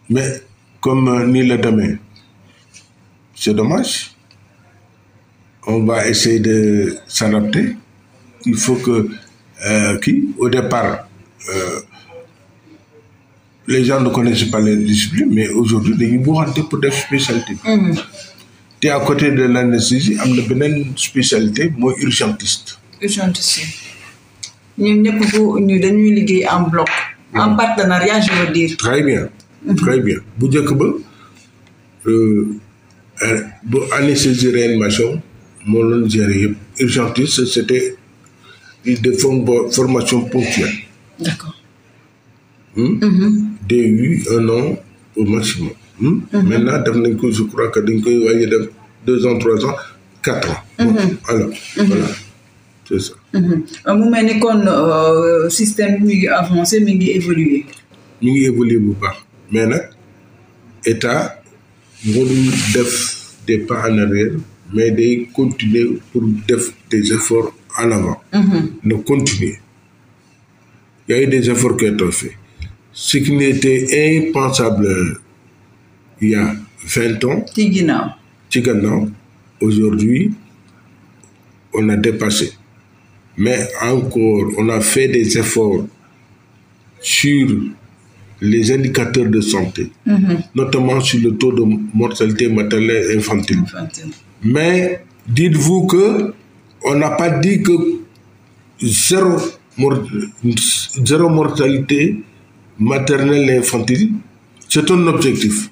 mais comme euh, nii la demee c'est dommage on va essayer de s'adapter il faut que kii euh, au départ euh, les gens ne connaissent pas les disciplines mais aujourd'hui dañuy buuxante pour def spécialité mm-hmm. te à côté de l'anesthésie am na beneen spécialité mooy urgentiste urgentiste ñun ñëpp bu ñu dañuy liggéey en bloc en mm-hmm. partenariat je dire très bien Mm-hmm. très bien bu njëkk ba euh, euh, bu anesthésie réanimation moo doon gérer yëpp de formation ponctuelle. d' accord. Hmm? Mm-hmm. DU un an au maximum. Hmm? Mm-hmm. maintenant def nañ ko je crois que dañ koy wàññi def deux ans trois ans quatre ans. alors voilà c' est euh, système mi ngi avancé mi évolué. mi évolué bu baax. mais nag état mënul def des pas en arrière mais day continuer pour def des efforts en avant. Mhm. na continuer y a des efforts qui ont été faits ce qui impensable il vingt ans. ci ginnaaw ci gannaaw aujourd'hui on a dépassé mais encore on a fait des efforts sur. les indicateurs de santé, mhm. notamment sur le taux de mortalité maternelle infantile. Mais dites-vous que on n'a pas dit que zéro, mortalité maternelle infantile, c'est un objectif.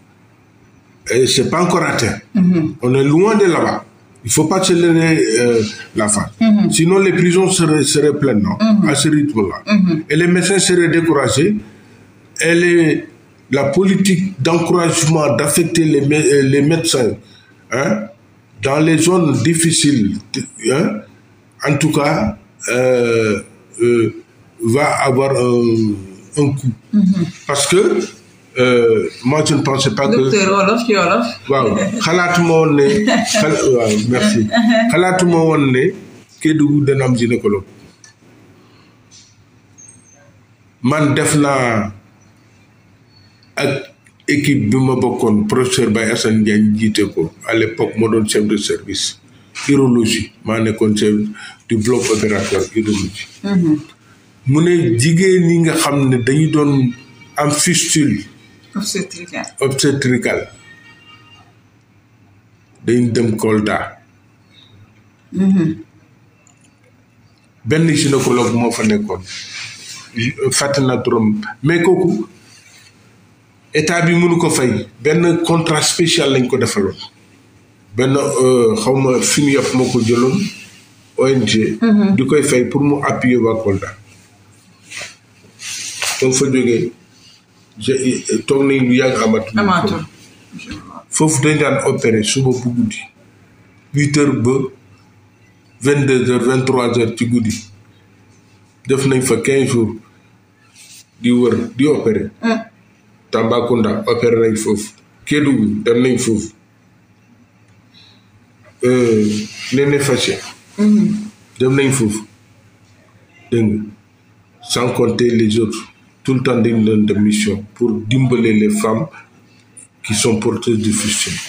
Et ce pas encore atteint. Mm On est loin de là-bas. Il faut pas se euh, la fin. Mhm. Sinon, les prisons seraient, seraient pleines non, mhm. à ce rythme-là. Et les médecins seraient découragés elle est la politique d'encouragement d'affecter les, euh, les médecins hein, dans les zones difficiles, en tout cas, euh, euh, va avoir un, un mm-hmm. Parce que euh, moi, je ne pensais pas que. Docteur Wolof ci Wolof. waaw xalaatuma woon ne xala waaw merci xalaatuma woon ne man def naa. ak équipe bi ma bokkoon professeur Baye Assane Diagne jiite ko à l'époque moo doon chef de service urologie ma nekkoon chef du bloc opératoire urologie mhm. mu ne jigéen ñi nga xam ne dañu doon am fistule obstétrical obstétrical dem Kolda mhm. benn gynécologue moo fa nekkoon fàtte naa turam mais kooku état bi mënu ko fay benn contrat spécial lañ ko defaloon benn euh, xaw ma FINUAP moo ko jëloon ONG. Mhm. di koy fay pour mu appuyer waa Kolda. donc fa jógee toog nañ lu yàgg amatul. amatul foofu dañ daan opéré suba bu guddi huit heures ba vingt deux heures vingt trois heures ci guddi def nañ fa quinze jours di wër di opéré. Mm. Tambacounda opéré nañ foofu Kédougou dem nañ foofu euh, Néné Faché mhm. dem nañ foofu dégg nga sans les autres tout le temps dañ leen de mission pour dimbale les femmes ki sont porteuses de fistule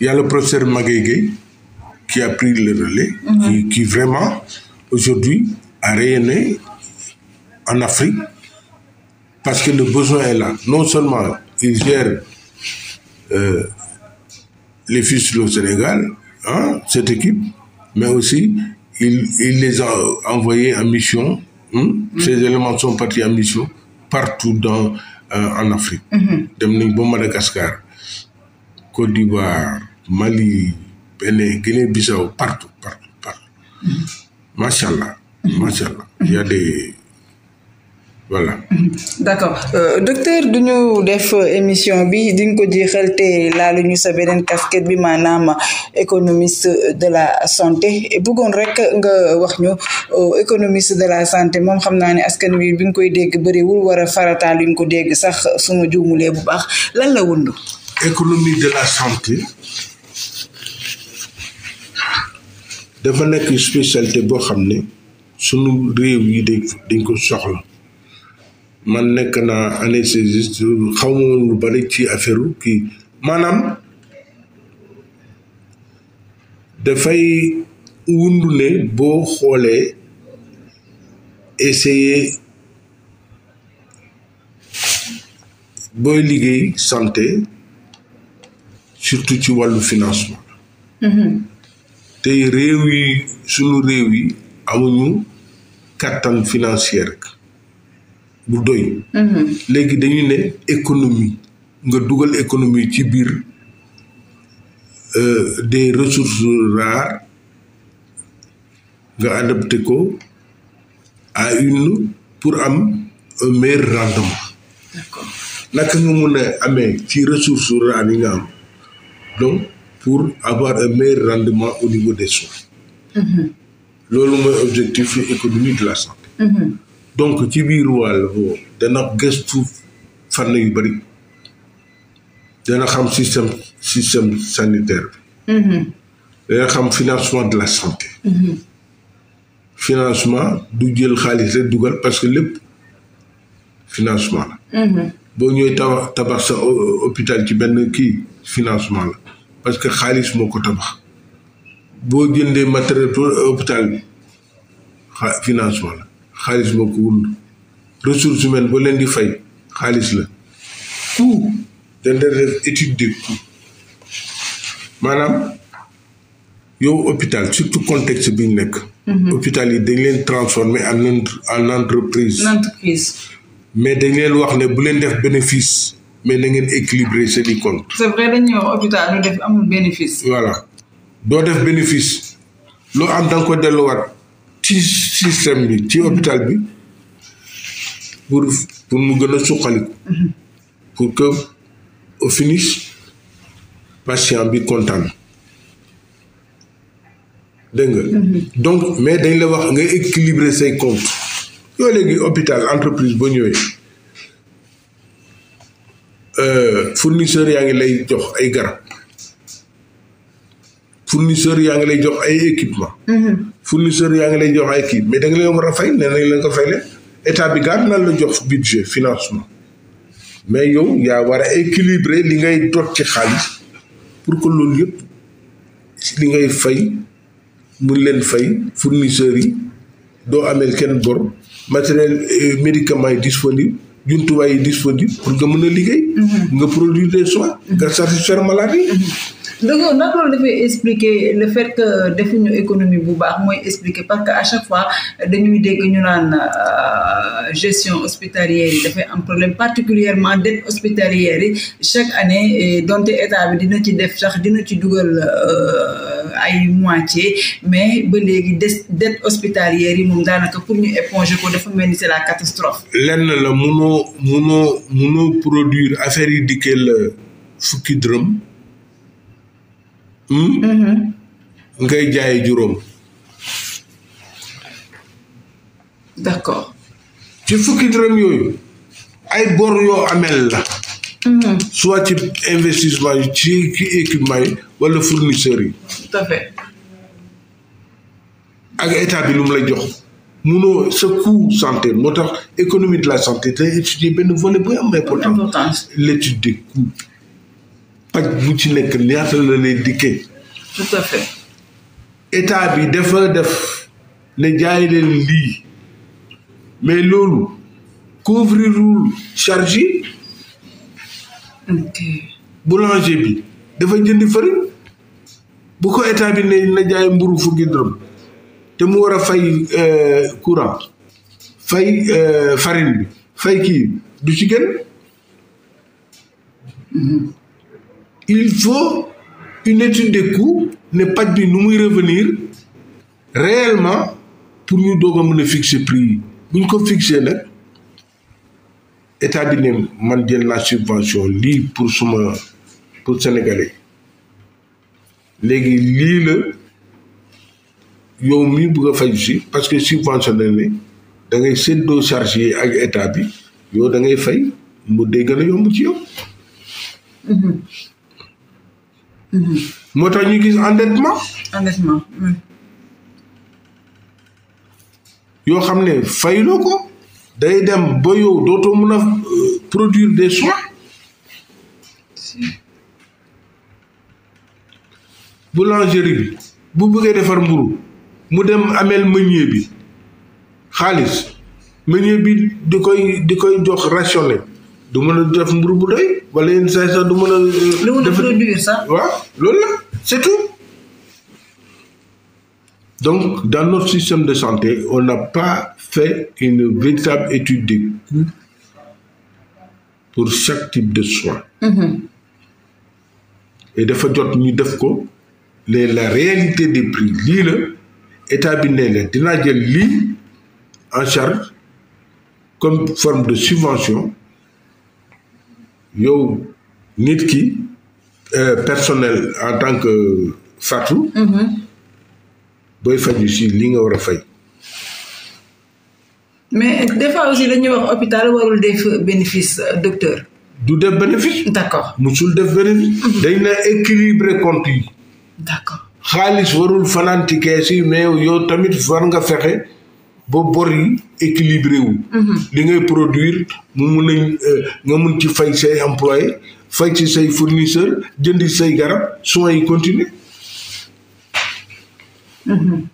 Il le professeur Magaye Gueye qui a pris le mhm. vraiment aujourd'hui a rayonné en Afrique parce que le besoin est là. Non seulement ils gèrent euh, les fistulés au Sénégal, cette équipe, mais aussi ils, les ont envoyés en mission. Hein. Mm. Ces éléments sont partis en mission partout dans, euh, en Afrique. Mm-hmm. Dem nañ Madagascar Côte d'Ivoire Mali Guinée-Bissau partout partout partout. Mm. a des voilà. d'accord euh, docteur du ñu def émission bi di nga ko jeexal te laalu ñu sa beneen casquette bi maanaam économiste de la santé bëggoon rek nga wax ñu euh, économiste de la santé moom xam naa ne askan wi bi nga koy dégg bëriwul war a farataal nga ko dégg sax suma juumulee bu baax lan la wundu économie de la santé dafa nekk spécialité boo xam ne sunu réew yi dañ ko soxla. man nekk naa anesthésiste xaw ma lu bari ci affaire kii maanaam dafay wundu ne boo xoolee essayer booy liggéey santé surtout ci wàllu financement mm-hmm. tey réew yi sunu réew yi amuñu kàttan financier rek bu doy. Mhm. léegi dañu ne économie nga dugal économie ci biir euh, des ressources rares nga adapté ko à une pour am un meilleur rendement. d'accord naka nga mun a amee ci ressources rares yi nga am donc pour avoir un meilleur rendement au niveau des soins. Mhm. loolu mooy objectif économie de la santé. Mhm. donc ci biir wàll boobu dana gëstu fànn yu bëri dana xam système système sanitaire mm-hmm. dana xam financement de la santé mm-hmm. financement du jël xaalis rek dugal parce que lépp financement la mm-hmm. boo ñëwee tabax tabax sa hôpital ci benn kii financement la parce que xaalis moo ko tabax boo jëndee matériel pour hôpital bi financement la xaalis moo ko wund ressources humaines ba leen di fay xaalis la coût dañ def étude de maanaam yow hôpital surtout contexte bi ñu nekk mhm. hôpital yi dañ leen transformé en en entreprise mais dañ leen wax ne bu leen def bénéfice mais na ngeen équilibré seen i compte c'est vrai dañu hôpital ñu def bénéfice voilà doo def bénéfice loo am danga ko delluwaat ci système bi ci hôpital bi pour pour mu gën a suqaliku pour que au finish patient bi kontaan dégg nga donc mais dañ la wax nga équilibrer say compte yoo léegi hôpital entreprise boo ñëwee euh, fournisseur yaa ngi lay jox ay garab fournisseur yaa ngi lay jox ay équipement mhm. fournisseur yaa ngi lay jox ay kii mais danga nga leen war a fay nee nañ leen ko fay état bi gaat na la jox budget financement mais yow yaa war a équilibrer li ngay dot ci xaalis pour que loolu yëpp li ngay fay mun leen fay fournisseurs yi doo amee kenn bor matériel euh, médicament yi disponible jumtuwaay yi disponible pour nga mën a liggéey mhm. nga produire des soins mhm. nga satisfaire maladie donc yow naka loolu dafay expliquer le fait que defuñu économie bu baax mooy expliquer parce que à chaque fois dañuy dégg ñu naan euh, gestion hospitalière yi dafay am problème particulièrement dette hospitalière yi chaque année donte état bi dina ci def sax dina ci dugal euh, ay moitié mais ba léegi des dette hospitalière yi moom daanaka pour ñu éponger ko dafa mel ni c'est la catastrophe. lenn la munoo munoo munoo produire affaire yi dikkee la euh, fukki dërëm. Hmm? nga koy jaayee juróom. d'accord. ci fukki dërëm yooyu ay bor yoo amel la. Hmm. soit ci investissement yi ci ci équipement yi wala fournisseurs yi. tout à fait. ak état bi lu mu lay jox. munoo sa coût santé moo tax économie de la santé te étudier benn volet bu am importance l'étude des coûts paj bu ci nekk ñaata la lay dikkee. tout état bi dafa def ne jaay leen lii mais loolu couvrirul charge yi. boulanger bi dafa jënd farine bu ko état bi ne na jaay mburu fukki dërëm te mu war a fay euh, courant fay euh, farine bi fay kii du ci gën. Mhm. il faut une étude de coût ne paj bi nu muy revenir réellement pour ñu doog a mën a fixer prix yi bu ko fixer nag état bi ne man jël naa subvention lii pour suma pour sénégalais léegi lii la yow mii bëgg a faj si parce que subvention ne da ngay séddoo charge yi ak état bi yow da ngay fay mu day gën a yomb ci yow mm-hmm. Mm-hmm. moo tax ñu gis endettement. endettement. Mm. yoo xam ne fayloo ko day dem ba yow dootoo mun a euh, produire des soins boulangerie bi bu bëggee defar mburu mu dem ameel meunier bi xaalis meunier bi di koy di koy jox rationné du mën a def mburu bu doy wala yenn saa sax du mën a. def produire sax. waaw loolu la c'est tout. donc dans notre système de santé on n'a pas fait une véritable étude des coûts pour chaque type de soin. Mmh. et dafa jot ñu def ko léegi la réalité des prix lii la état bi ne leen dinaa jël lii en charge comme forme de subvention. yow nit ki euh, personnel en tant que Fatou. Mm-hmm. booy faju si li nga war a fay. mais des fois aussi dañuy wax hôpital warul def bénéfice euh, docteur. du def bénéfice. d'accord musul def bénéfice. Mm-hmm. dañ na équilibré compte yi. d'accord xaalis warul fanaan ci kees yi mais yow tamit war nga fexe. ba bor yi mhm. li ngay produire mu mun nañ euh, nga mun ci fay say employé fay ci say fournisseur jëndi say garab su yi continuer. Mhm.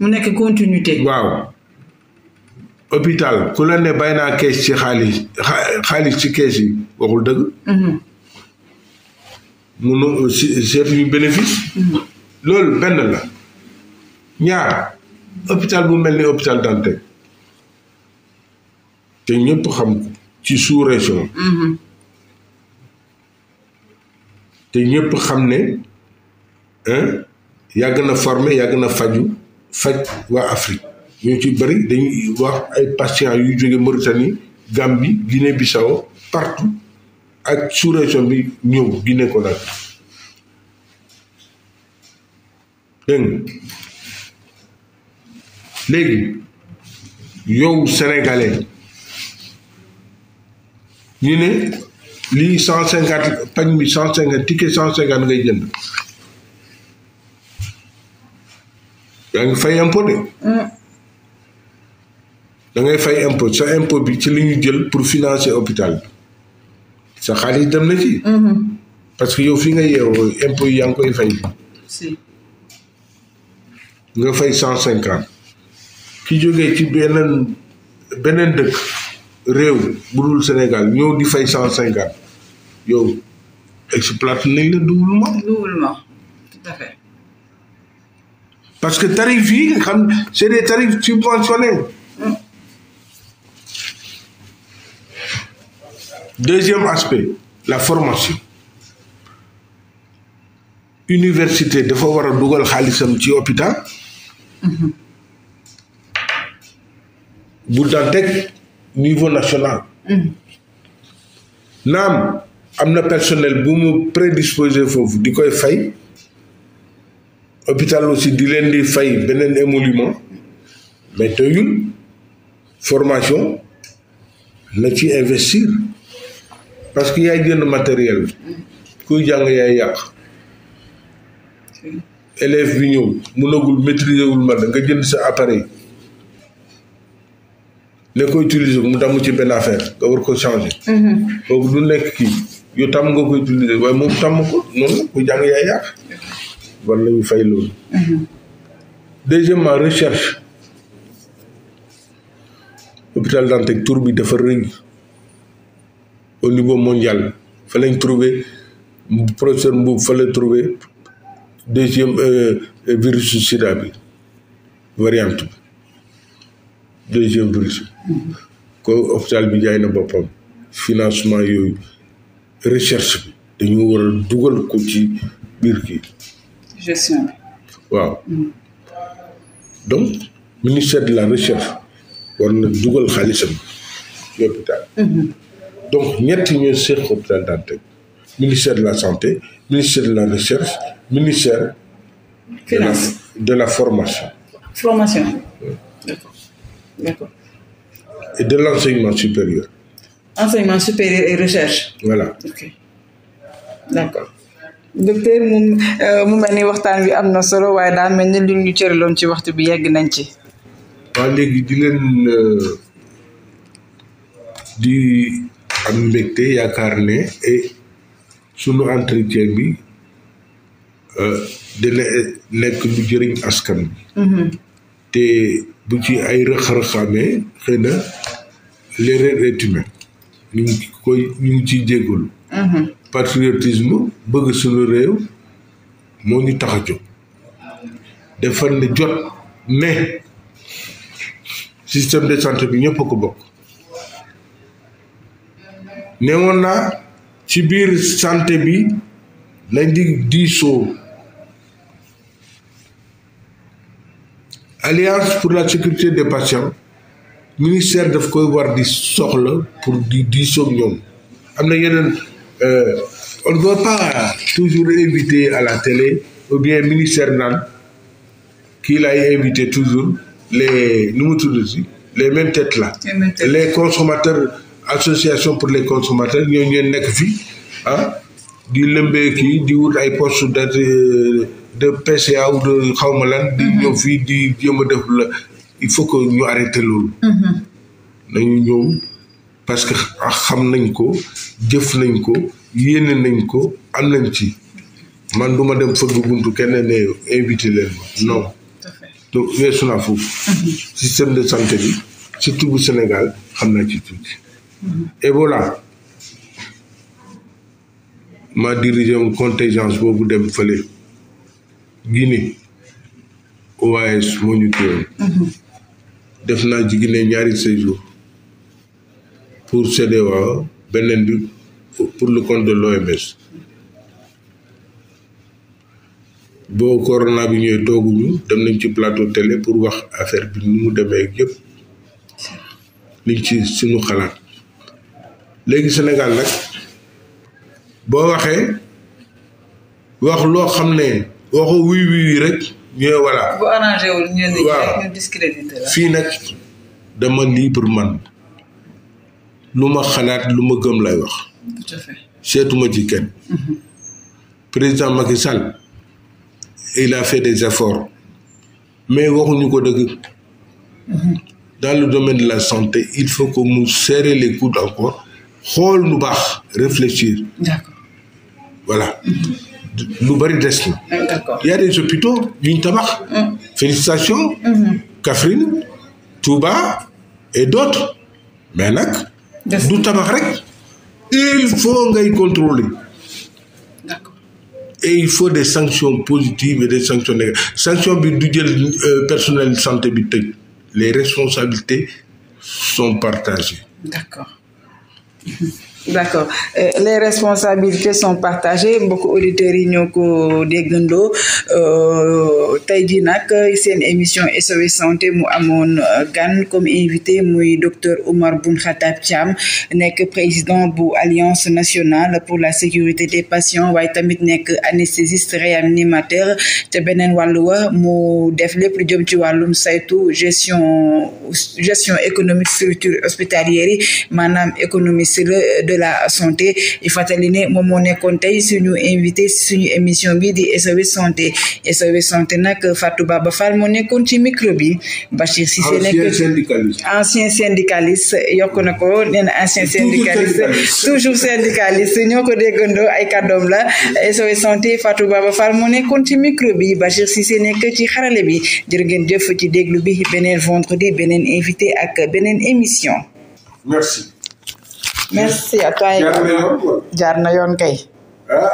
mu nekk continuité. waaw hôpital ku la ne bàyyi naa kees ci xaalis xaalis ci kees yi waxul dëgg. Mhm. munu euh, seetuñu bénéfice. loolu benn la ñaar. hôpital bu mel ni hôpital Dantec te ñëpp xam ci sous région. Mm-hmm. te ñëpp xam ne yàgg na forme yàgg na faju faj waa Afrique ñu ci bari dañuy wax ay patients yu jóge Mauritanie Gambie Guinée Bissau partout ak sous région bi ñëw Guinée Conakry dégg léegi yow sénégalais ñu ne li cent cinquante pañ bi cent cinquante ticket cent cinquante ngay jënd yaa ngi fay impôt de mm. da ngay fay impôt sa impôt bi ci li ñu jël pour financer hôpital bi sa xaalis dem na ci mm-hmm. parce que yow fi nga yeewoo impo yi yaa ngi koy fay nga fay cent cinquante ki jóge ci beneen beneen dëkk réew bu dul Sénégal ñoo di fay cent cinquante yow exploité nañ la doublement. doublement tout à fait. parce que tarif yi ci xam c'est des tarifs subventionnés. deuxième aspect la formation université dafa war a dugal xaalisam ci hôpital. Mhm. bu daan teg niveau national. Mm. naam am na personnel bu mu prédisposé foofu di koy fay. hôpital aussi di leen di fay beneen émolument mais teyul formation na ci investir parce que yaay jënd matériel bi kuy jàng yaay yàq élève bi ñëw mënagul maîtriser wul ma nga jënd sa appareil. la ko utiliser mu damm ci benn affaire nga war ko changer. kooku mhm. du nekk kii yu tam nga ko utiliser waaye moom tàmm ko noonu ku jàng yaay war nañu fay loolu. Mhm. deuxièmement recherche hôpital Dantec tur bi dafa rëy au niveau mondial fa lañ trouvé professeur Mboub fa la trouvé deuxième euh, virus sida bi variante deuxième virus ko hôpital bi jaay na boppam financement yooyu recherche bi dañu war a dugal ko ci biir kii gestion bi waaw hmm. donc ministère de la recherche war na dugal xaalisam ci hôpital hmm. donc ñett ñooy seex hôpital Dantec ministère de la santé ministère de la recherche formation D'accord. Et de l'enseignement supérieur. Enseignement supérieur et recherche. Voilà. OK. docteur euh, mu mel ni waxtaan wi am na solo waaye daa mel ni li ñu cëraloon ci waxtu bi yegg nañ ci. waaw léegi di leen euh, di am mbégte yaakaar ne et sunu entretien bi euh, dina nekk lu jëriñ askan mm-hmm. te bu ci ay rëq-rëq amee xëy na l'erreur est humaine ñu ngi koy ñu ngi ciy mhm. patriotisme bëgg sunu réew moo ñu tax a jóg dafa ne jot ne système de santé bi ñëpp ko bokk ne woon naa ci biir santé bi lañ di diisoo alliance pour la sécurité des patients ministère daf koy war di soxla pour di diisoog ñoom am na yeneen euh, on ne doit pas toujours inviter à la télé ou bien ministère naan kii laay inviter toujours les nu mu tudd si les mêmes têtes la les consommateurs association pour les consommateurs ñoo nekk fii ah di lëmbee kii di wut ay postes d' de PCA ou de xawma la di mhm. ñëw fii di jéem a def la il faut que ñu arrêté loolu. Mhm. nañu ñëw parce que xam nañ ko jëf nañ ko yéene nañ ko am nañ ci man duma dem fëgg buntu kenn ne invité leen ma to weesu naa foofu. Mhm. système de santé bi surtout bu Sénégal xam naa ci tuuti. Ebola ma dirigé contingence boobu dem fële. Guinée OAS moo ñu téye def naa ci Guinée ñaari séjour pour CEDEAO beneen bi pour le compte de l'OMS boo corona bi ñëwee tooguñu dem nañ ci plateau télé pour wax affaire bi nu mu demee ak yëpp liñ ci suñu xalaat léegi Sénégal nag boo waxee wax loo xam ne boo ko wuy wuy rek ñu voilà. bu fii nag dama libre man lu ma xalaat lu ma gëm lay wax. tout à fait seetuma ci mhm. président Macky Sall il a fait des efforts mais waxuñu ko dëgg. Mhm. dans le domaine de la santé il faut que mu serrer les coudes encore xool nu baax réfléchir. d'accord mhm. lu bëri des na. d'accord y a des hôpitaux yu ñu tabax. Mm. félicitations. Mm-hmm. Kaffrine Touba et d'autres mais nag. du tabax rek. il faut ngay contrôler. d'accord et il faut des sanctions positives et des sanctions négatives sanction bi du jël euh, personnel santé bi tëj les responsabilités son partagées. d'accord euh, les responsabilités sont partagées mbokk auditeurs yi ñoo ko déggandoo euh, tey jii nag seen émission SOS santé mu amoon euh, gan comme invité muy docteur Oumar Boun Khatab Thiam nekk président bu alliance nationale pour la sécurité des patients waaye tamit nekk anesthésiste réanimateur te beneen wàllu wa mu def lépp lu jëm ci wàllum saytu gestion gestion économique structure hospitalière yi maanaam économiste la santé i fàttali ne moom moo nekkoon tey suñu invité suñu émission bi di SOS santé SOS santé nag Fatou Baba Fall moo nekkoon ci micro bi Bachir Cissé nekk ancien syndicaliste yokk na ko nee na ancien syndicaliste toujours syndicaliste ñoo ko déggandoo ay kàddoom la SOS santé Fatou Baba moo nekkoon ci micro bi Bachir Cissé nekk ci xarale bi jërë ngeen jëf ci déglu bi beneen vendredi beneen invité ak beneen émission merci à jaar na yoon kay. Ah.